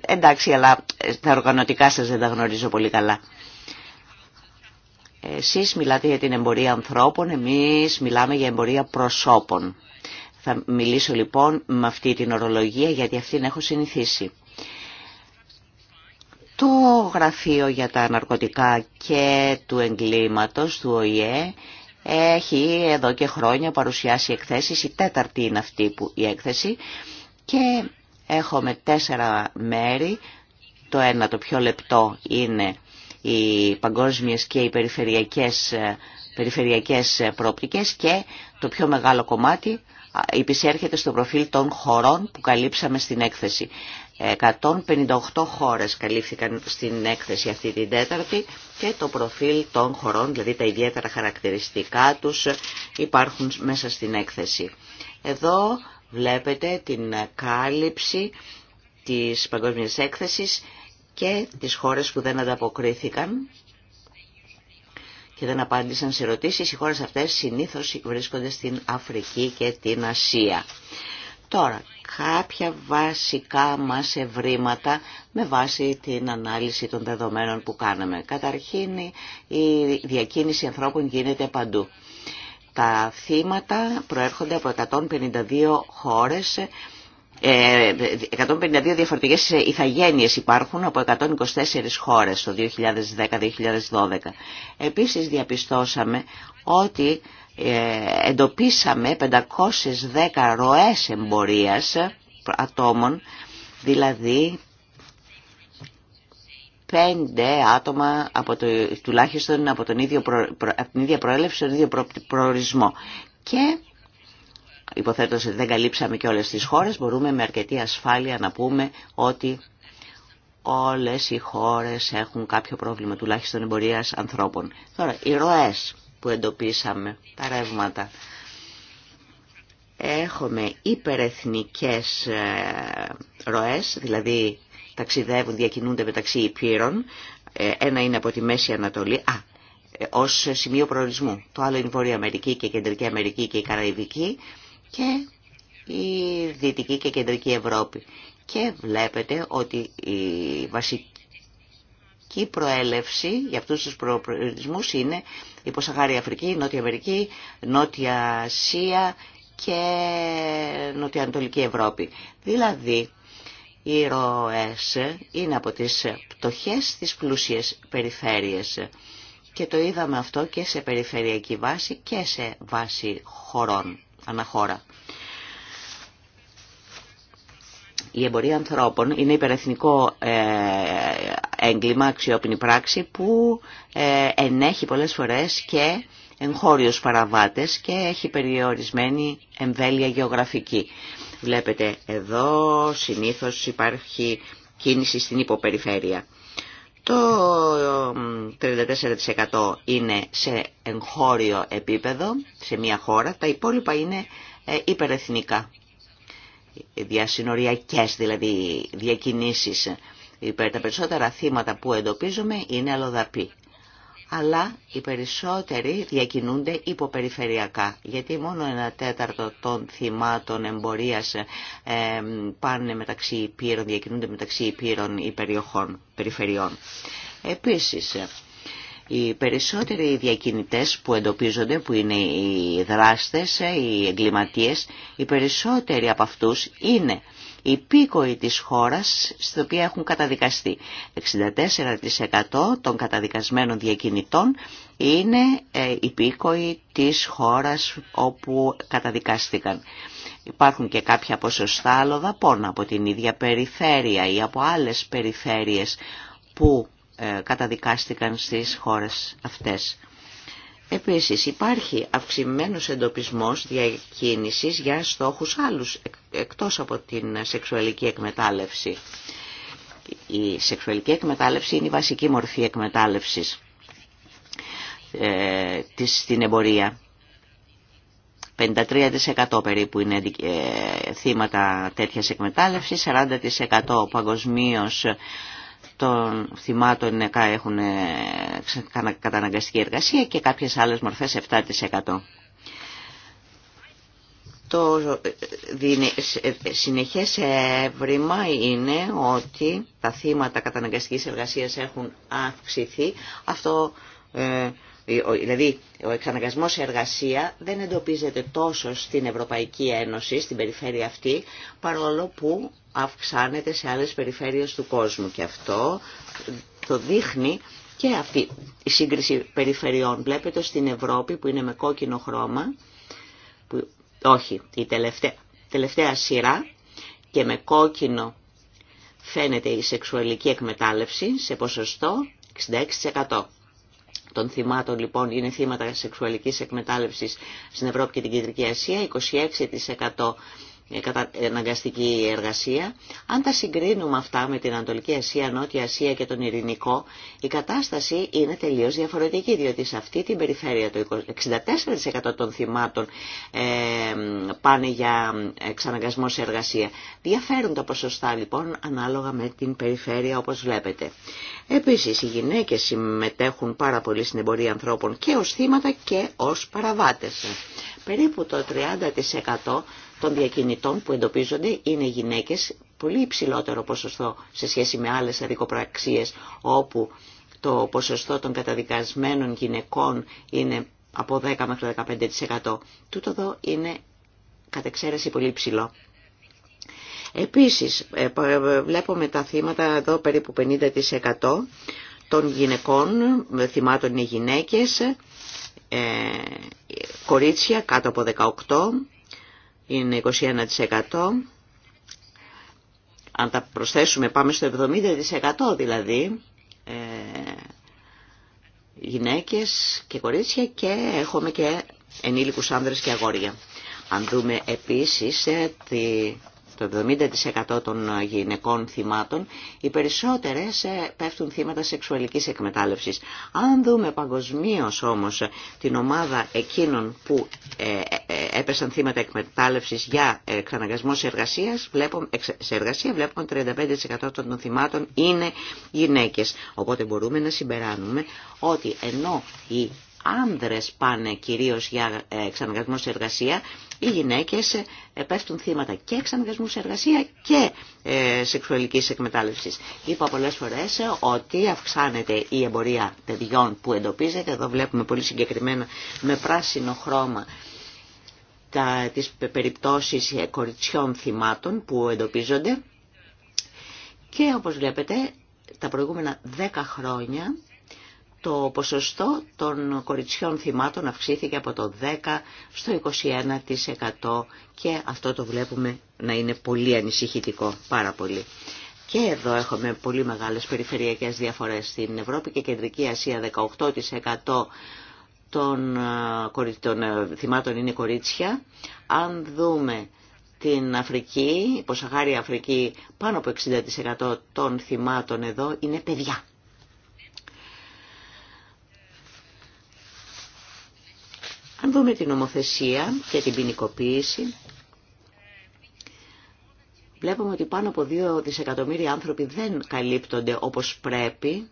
A: εντάξει, αλλά τα οργανωτικά σας δεν τα γνωρίζω πολύ καλά. Εσείς μιλάτε για την εμπορία ανθρώπων, εμείς μιλάμε για εμπορία προσώπων. Θα μιλήσω λοιπόν με αυτή την ορολογία γιατί αυτήν έχω συνηθίσει. Το Γραφείο για τα Ναρκωτικά και του Εγκλήματος του ΟΗΕ έχει εδώ και χρόνια παρουσιάσει εκθέσεις, η τέταρτη είναι αυτή που η έκθεση και έχουμε τέσσερα μέρη, το ένα το πιο λεπτό είναι οι παγκόσμιες και οι περιφερειακές, περιφερειακές πρόπτικες και το πιο μεγάλο κομμάτι υπησέρχεται στο προφίλ των χωρών που καλύψαμε στην έκθεση. 158 χώρες καλύφθηκαν στην έκθεση αυτή την τέταρτη και το προφίλ των χωρών, δηλαδή τα ιδιαίτερα χαρακτηριστικά τους υπάρχουν μέσα στην έκθεση. Εδώ βλέπετε την κάλυψη της παγκόσμιας έκθεσης και τις χώρες που δεν ανταποκρίθηκαν και δεν απάντησαν σε ερωτήσεις. Οι χώρες αυτές συνήθως βρίσκονται στην Αφρική και την Ασία. Τώρα, κάποια βασικά μας ευρήματα με βάση την ανάλυση των δεδομένων που κάναμε. Καταρχήν, η διακίνηση ανθρώπων γίνεται παντού. Τα θύματα προέρχονται από 152 χώρες 152 ε, διαφορετικές ε, ηθαγένειες υπάρχουν από 124 χώρες το 2010-2012. Επίσης διαπιστώσαμε ότι ε, εντοπίσαμε 510 ροές εμπορίας ατόμων, δηλαδή 5 άτομα από το, τουλάχιστον από, τον ίδιο από την ίδια προέλευση, τον ίδιο προορισμό. Και Υποθέτω ότι δεν καλύψαμε και όλες τις χώρες, μπορούμε με αρκετή ασφάλεια να πούμε ότι όλες οι χώρες έχουν κάποιο πρόβλημα, τουλάχιστον εμπορίας ανθρώπων. Τώρα, οι ροές που εντοπίσαμε, τα ρεύματα. Έχουμε υπερεθνικές ε, ροές, δηλαδή ταξιδεύουν, διακινούνται μεταξύ υπήρων. Ε, ένα είναι από τη Μέση Ανατολή, α, ε, ως σημείο προορισμού. Το άλλο είναι η Βόρεια Αμερική και η Κεντρική Αμερική και η Καραϊβική και η Δυτική και Κεντρική Ευρώπη. Και βλέπετε ότι η βασική προέλευση για αυτούς τους προορισμούς είναι η Ποσαχάρη Αφρική, η Νότια Αμερική, Νότια Ασία και Νοτιοανατολική Ευρώπη. Δηλαδή, οι ροές είναι από τις πτωχές στις πλούσιες περιφέρειες και το είδαμε αυτό και σε περιφερειακή βάση και σε βάση χωρών αναχώρα. Η εμπορία ανθρώπων είναι υπερεθνικό ε, έγκλημα, αξιόπινη πράξη που ε, ενέχει πολλές φορές και εγχώριους παραβάτες και έχει περιορισμένη εμβέλεια γεωγραφική. Βλέπετε εδώ συνήθως υπάρχει κίνηση στην υποπεριφέρεια. Το 34% είναι σε εγχώριο επίπεδο, σε μια χώρα, τα υπόλοιπα είναι ε, υπερεθνικά, διασυνοριακές δηλαδή διακινήσεις. Υπέρ τα περισσότερα θύματα που εντοπίζουμε είναι αλλοδαπή αλλά οι περισσότεροι διακινούνται υποπεριφερειακά, γιατί μόνο ένα τέταρτο των θυμάτων εμπορίας ε, πάνε μεταξύ υπήρων, διακινούνται μεταξύ υπήρων ή περιοχών, περιφερειών. Επίσης, οι περισσότεροι διακινητές που εντοπίζονται, που είναι οι δράστες, ε, οι εγκληματίες, οι περισσότεροι από αυτούς είναι υπήκοοι της χώρας στην οποία έχουν καταδικαστεί. 64% των καταδικασμένων διακινητών είναι ε, υπήκοοι της χώρας όπου καταδικάστηκαν. Υπάρχουν και κάποια ποσοστά αλλοδαπών από την ίδια περιφέρεια ή από άλλες περιφέρειες που ε, καταδικάστηκαν στις χώρες αυτές. Επίσης υπάρχει αυξημένος εντοπισμός διακίνησης για στόχους άλλους εκτός από την σεξουαλική εκμετάλλευση. Η σεξουαλική εκμετάλλευση είναι η βασική μορφή εκμετάλλευσης ε, της, στην εμπορία. 53% περίπου είναι ε, θύματα τέτοιας εκμετάλλευσης, 40% παγκοσμίως των θυμάτων έχουν ε, καταναγκαστική εργασία και κάποιες άλλες μορφές 7%. Το ε, ε, συνεχές έβριμα είναι ότι τα θύματα καταναγκαστικής εργασίας έχουν αυξηθεί. Αυτό ε, δηλαδή ο εξαναγκασμός σε εργασία δεν εντοπίζεται τόσο στην Ευρωπαϊκή Ένωση, στην περιφέρεια αυτή, παρόλο που αυξάνεται σε άλλες περιφέρειες του κόσμου. Και αυτό το δείχνει και αυτή η σύγκριση περιφερειών. Βλέπετε στην Ευρώπη που είναι με κόκκινο χρώμα, που, όχι, η τελευταία, τελευταία σειρά και με κόκκινο φαίνεται η σεξουαλική εκμετάλλευση σε ποσοστό 66% των θυμάτων λοιπόν είναι θύματα σεξουαλικής εκμετάλλευσης στην Ευρώπη και την Κεντρική Ασία, 26% καταναγκαστική εργασία. Αν τα συγκρίνουμε αυτά με την Ανατολική Ασία, Νότια Ασία και τον Ειρηνικό, η κατάσταση είναι τελείως διαφορετική, διότι σε αυτή την περιφέρεια το 64% των θυμάτων ε, πάνε για ε, εξαναγκασμό σε εργασία. Διαφέρουν τα ποσοστά λοιπόν ανάλογα με την περιφέρεια όπως βλέπετε. Επίσης οι γυναίκες συμμετέχουν πάρα πολύ στην εμπορία ανθρώπων και ως θύματα και ως παραβάτες περίπου το 30% των διακινητών που εντοπίζονται είναι γυναίκες, πολύ υψηλότερο ποσοστό σε σχέση με άλλες αδικοπραξίες όπου το ποσοστό των καταδικασμένων γυναικών είναι από 10 μέχρι 15%. Τούτο εδώ είναι κατ' πολύ ψηλό. Επίσης, ε, ε, βλέπουμε τα θύματα εδώ περίπου 50% των γυναικών, ε, θυμάτων είναι γυναίκες, ε, κορίτσια κάτω από 18 είναι 21%. Αν τα προσθέσουμε πάμε στο 70% δηλαδή ε, γυναίκες και κορίτσια και έχουμε και ενήλικους άνδρες και αγόρια. Αν δούμε επίσης ε, τη το 70% των γυναικών θυμάτων, οι περισσότερες ε, πέφτουν θύματα σεξουαλικής εκμετάλλευσης. Αν δούμε παγκοσμίω όμως την ομάδα εκείνων που ε, ε, έπεσαν θύματα εκμετάλλευσης για εξαναγκασμό σε, βλέπουμε, σε εργασία, βλέπουμε 35% των θυμάτων είναι γυναίκες. Οπότε μπορούμε να συμπεράνουμε ότι ενώ οι άνδρες πάνε κυρίως για ε, εξαναγκασμό σε εργασία, οι γυναίκες ε, πέφτουν θύματα και εξαναγκασμού σε εργασία και ε, σεξουαλικής εκμετάλλευσης. Είπα πολλές φορές ότι αυξάνεται η εμπορία παιδιών που εντοπίζεται, εδώ βλέπουμε πολύ συγκεκριμένα με πράσινο χρώμα τα, τις περιπτώσεις κοριτσιών θυμάτων που εντοπίζονται και όπως βλέπετε τα προηγούμενα 10 χρόνια το ποσοστό των κοριτσιών θυμάτων αυξήθηκε από το 10% στο 21% και αυτό το βλέπουμε να είναι πολύ ανησυχητικό, πάρα πολύ. Και εδώ έχουμε πολύ μεγάλες περιφερειακές διαφορές στην Ευρώπη και Κεντρική Ασία 18% των, ε, των ε, θυμάτων είναι κορίτσια. Αν δούμε την Αφρική, η Ποσαχάρη Αφρική, πάνω από 60% των θυμάτων εδώ είναι παιδιά. Αν δούμε την ομοθεσία και την ποινικοποίηση, βλέπουμε ότι πάνω από 2 δισεκατομμύρια άνθρωποι δεν καλύπτονται όπως πρέπει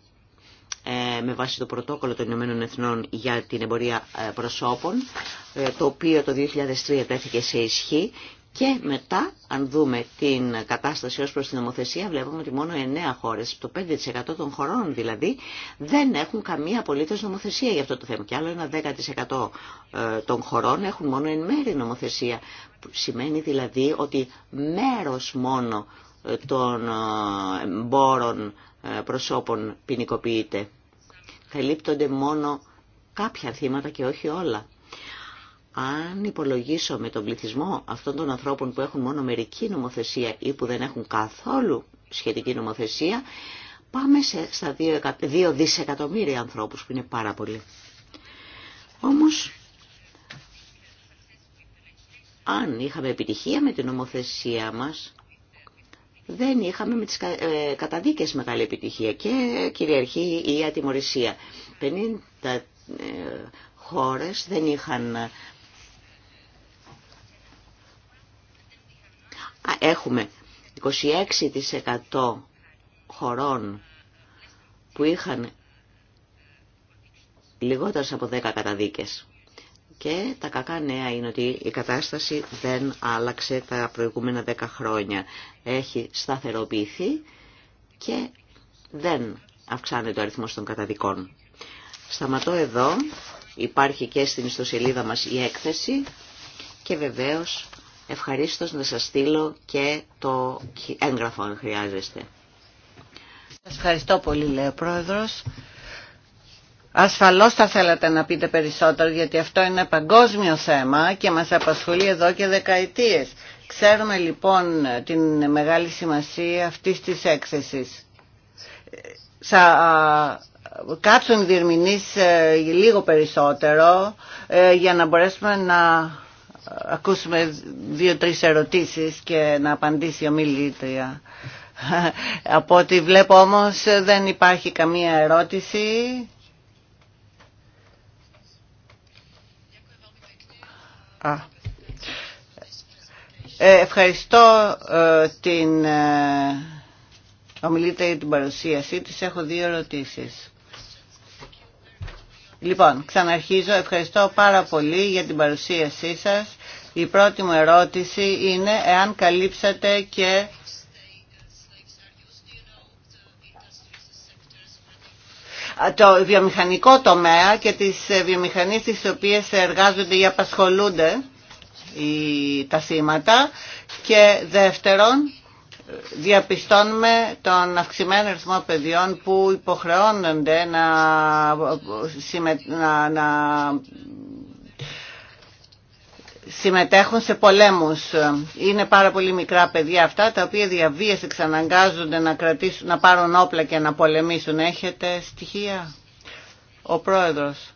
A: ε, με βάση το πρωτόκολλο των Ηνωμένων Εθνών για την εμπορία ε, προσώπων, ε, το οποίο το 2003 τέθηκε σε ισχύ και μετά, αν δούμε την κατάσταση ως προς την νομοθεσία, βλέπουμε ότι μόνο 9 χώρες, το 5% των χωρών δηλαδή, δεν έχουν καμία απολύτως νομοθεσία για αυτό το θέμα. Και άλλο ένα 10% ε, των χωρών έχουν μόνο εν μέρη νομοθεσία. Σημαίνει δηλαδή ότι μέρος μόνο ε, των ε, μπόρων προσώπων ποινικοποιείται. Καλύπτονται μόνο κάποια θύματα και όχι όλα αν υπολογίσω με τον πληθυσμό αυτών των ανθρώπων που έχουν μόνο μερική νομοθεσία ή που δεν έχουν καθόλου σχετική νομοθεσία, πάμε σε, στα 2 δισεκατομμύρια ανθρώπους που είναι πάρα πολλοί. Όμως, αν είχαμε επιτυχία με την νομοθεσία μας, δεν είχαμε με τις ε, καταδίκες μεγάλη επιτυχία και κυριαρχή η ατιμορρησία. 50 ε, χώρες δεν είχαν έχουμε 26% χωρών που είχαν λιγότερες από 10 καταδίκες. Και τα κακά νέα είναι ότι η κατάσταση δεν άλλαξε τα προηγούμενα 10 χρόνια. Έχει σταθεροποιηθεί και δεν αυξάνεται ο αριθμό των καταδικών. Σταματώ εδώ. Υπάρχει και στην ιστοσελίδα μας η έκθεση και βεβαίως Ευχαριστώ να σας στείλω και το έγγραφο αν χρειάζεστε.
D: Σας ευχαριστώ πολύ λέει ο Πρόεδρος. Ασφαλώς θα θέλατε να πείτε περισσότερο γιατί αυτό είναι ένα παγκόσμιο θέμα και μας απασχολεί εδώ και δεκαετίες. Ξέρουμε λοιπόν την μεγάλη σημασία αυτής της έκθεσης. Σα κάτσουν διερμηνείς ε, λίγο περισσότερο ε, για να μπορέσουμε να ακούσουμε δύο-τρεις ερωτήσεις και να απαντήσει η ομιλήτρια. Από ό,τι βλέπω όμως δεν υπάρχει καμία ερώτηση. Α. Ε, ευχαριστώ ε, την ε, ομιλήτρια για την παρουσίασή της. Έχω δύο ερωτήσεις. Λοιπόν, ξαναρχίζω. Ευχαριστώ πάρα πολύ για την παρουσίασή σας. Η πρώτη μου ερώτηση είναι εάν καλύψατε και το βιομηχανικό τομέα και τις βιομηχανίες τις οποίες εργάζονται ή απασχολούνται τα σήματα και δεύτερον διαπιστώνουμε τον αυξημένο αριθμό παιδιών που υποχρεώνονται να, να, συμμετέχουν σε πολέμους. Είναι πάρα πολύ μικρά παιδιά αυτά, τα οποία διαβίες εξαναγκάζονται να, να πάρουν όπλα και να πολεμήσουν. Έχετε στοιχεία? Ο πρόεδρος.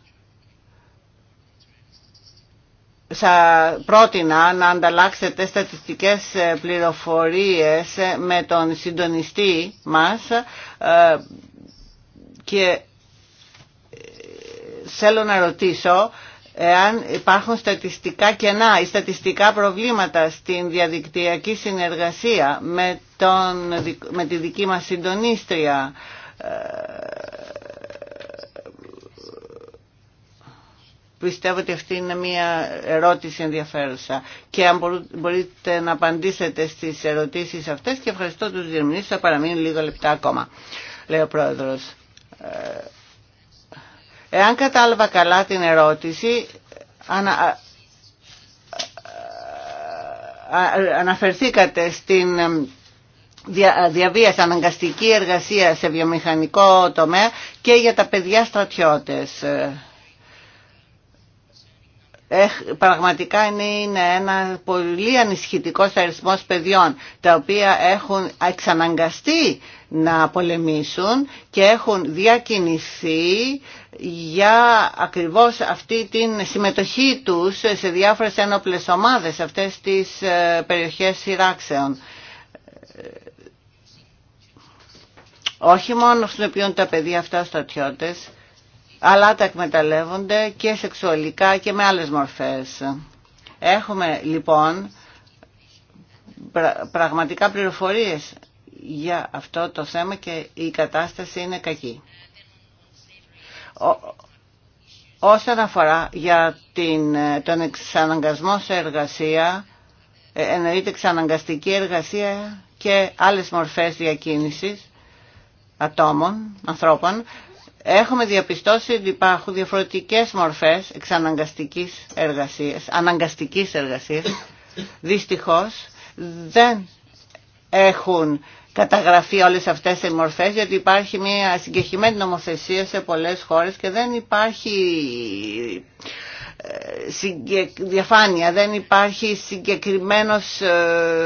D: θα πρότεινα να ανταλλάξετε στατιστικές ε, πληροφορίες ε, με τον συντονιστή μας ε, και θέλω να ρωτήσω εάν υπάρχουν στατιστικά κενά ή στατιστικά προβλήματα στην διαδικτυακή συνεργασία με, τον, με τη δική μας συντονίστρια Πιστεύω ότι αυτή είναι μια ερώτηση ενδιαφέρουσα και αν μπορείτε να απαντήσετε στις ερωτήσεις αυτές και ευχαριστώ τους διερμηνείς, θα παραμείνει λίγο λεπτά ακόμα, λέει ο Πρόεδρος. Ε, εάν κατάλαβα καλά την ερώτηση, αναφερθήκατε στην ε, ε, διαβίαση, αναγκαστική εργασία σε βιομηχανικό τομέα και για τα παιδιά στρατιώτες πραγματικά είναι ένα πολύ ανισχυτικό αριθμό παιδιών τα οποία έχουν εξαναγκαστεί να πολεμήσουν και έχουν διακινηθεί για ακριβώς αυτή την συμμετοχή τους σε διάφορες ένοπλες ομάδες αυτές τις ε, περιοχές σειράξεων. Όχι μόνο χρησιμοποιούν τα παιδιά αυτά στρατιώτες, αλλά τα εκμεταλλεύονται και σεξουαλικά και με άλλες μορφές. Έχουμε λοιπόν πραγματικά πληροφορίες για αυτό το θέμα και η κατάσταση είναι κακή. Όσον αφορά για την, τον εξαναγκασμό σε εργασία, ε, εννοείται εξαναγκαστική εργασία και άλλες μορφές διακίνησης ατόμων, ανθρώπων, έχουμε διαπιστώσει ότι υπάρχουν διαφορετικές μορφές εξαναγκαστικής εργασίας, αναγκαστικής εργασία. δυστυχώς δεν έχουν καταγραφεί όλες αυτές οι μορφές γιατί υπάρχει μια συγκεκριμένη νομοθεσία σε πολλές χώρες και δεν υπάρχει διαφάνεια, δεν υπάρχει συγκεκριμένος ε,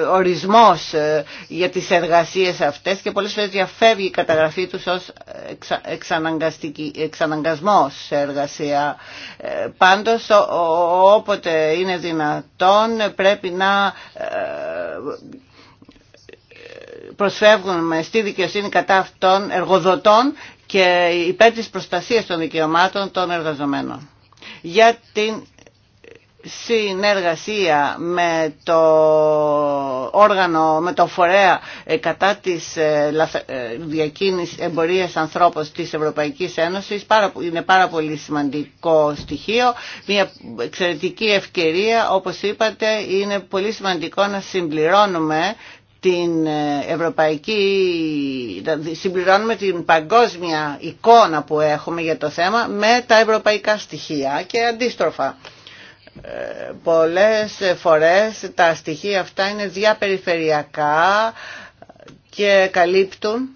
D: ορισμός ε, για τις εργασίες αυτές και πολλές φορές διαφεύγει η καταγραφή τους ως εξαναγκασμός σε εργασία. Ε, πάντως, όποτε είναι δυνατόν πρέπει να προσφεύγουμε στη δικαιοσύνη κατά αυτών εργοδοτών και υπέρ της προστασίας των δικαιωμάτων των εργαζομένων για την συνεργασία με το όργανο, με το φορέα ε, κατά της ε, ε, διακίνησης εμπορίας ανθρώπων της Ευρωπαϊκής Ένωσης είναι πάρα πολύ σημαντικό στοιχείο, μια εξαιρετική ευκαιρία όπως είπατε είναι πολύ σημαντικό να συμπληρώνουμε την ε, ευρωπαϊκή, συμπληρώνουμε την παγκόσμια εικόνα που έχουμε για το θέμα με τα ευρωπαϊκά στοιχεία και αντίστροφα. Ε, πολλές φορές τα στοιχεία αυτά είναι διαπεριφερειακά και καλύπτουν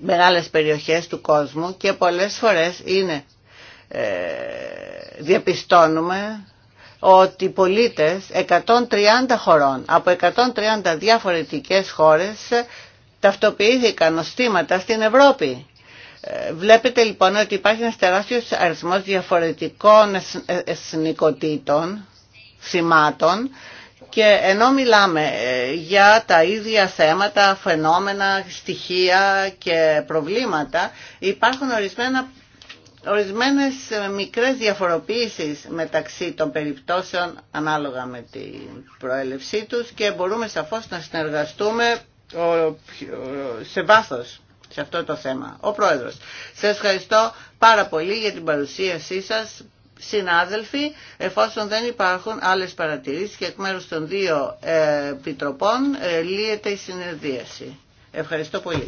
D: μεγάλες περιοχές του κόσμου και πολλές φορές είναι, ε, διαπιστώνουμε ότι οι πολίτες 130 χωρών από 130 διαφορετικές χώρες ταυτοποιήθηκαν ως θύματα στην Ευρώπη. Ε, βλέπετε λοιπόν ότι υπάρχει ένας τεράστιος αριθμός διαφορετικών εθνικοτήτων, σημάτων και ενώ μιλάμε ε, για τα ίδια θέματα, φαινόμενα, στοιχεία και προβλήματα, υπάρχουν ορισμένα ορισμένες μικρές διαφοροποίησεις μεταξύ των περιπτώσεων ανάλογα με την προέλευσή τους και μπορούμε σαφώς να συνεργαστούμε σε βάθος σε αυτό το θέμα. Ο Πρόεδρος, σε ευχαριστώ πάρα πολύ για την παρουσίασή σας. Συνάδελφοι, εφόσον δεν υπάρχουν άλλες παρατηρήσεις και εκ μέρους των δύο ε, επιτροπών, ε, λύεται η συνεδρίαση. Ευχαριστώ πολύ.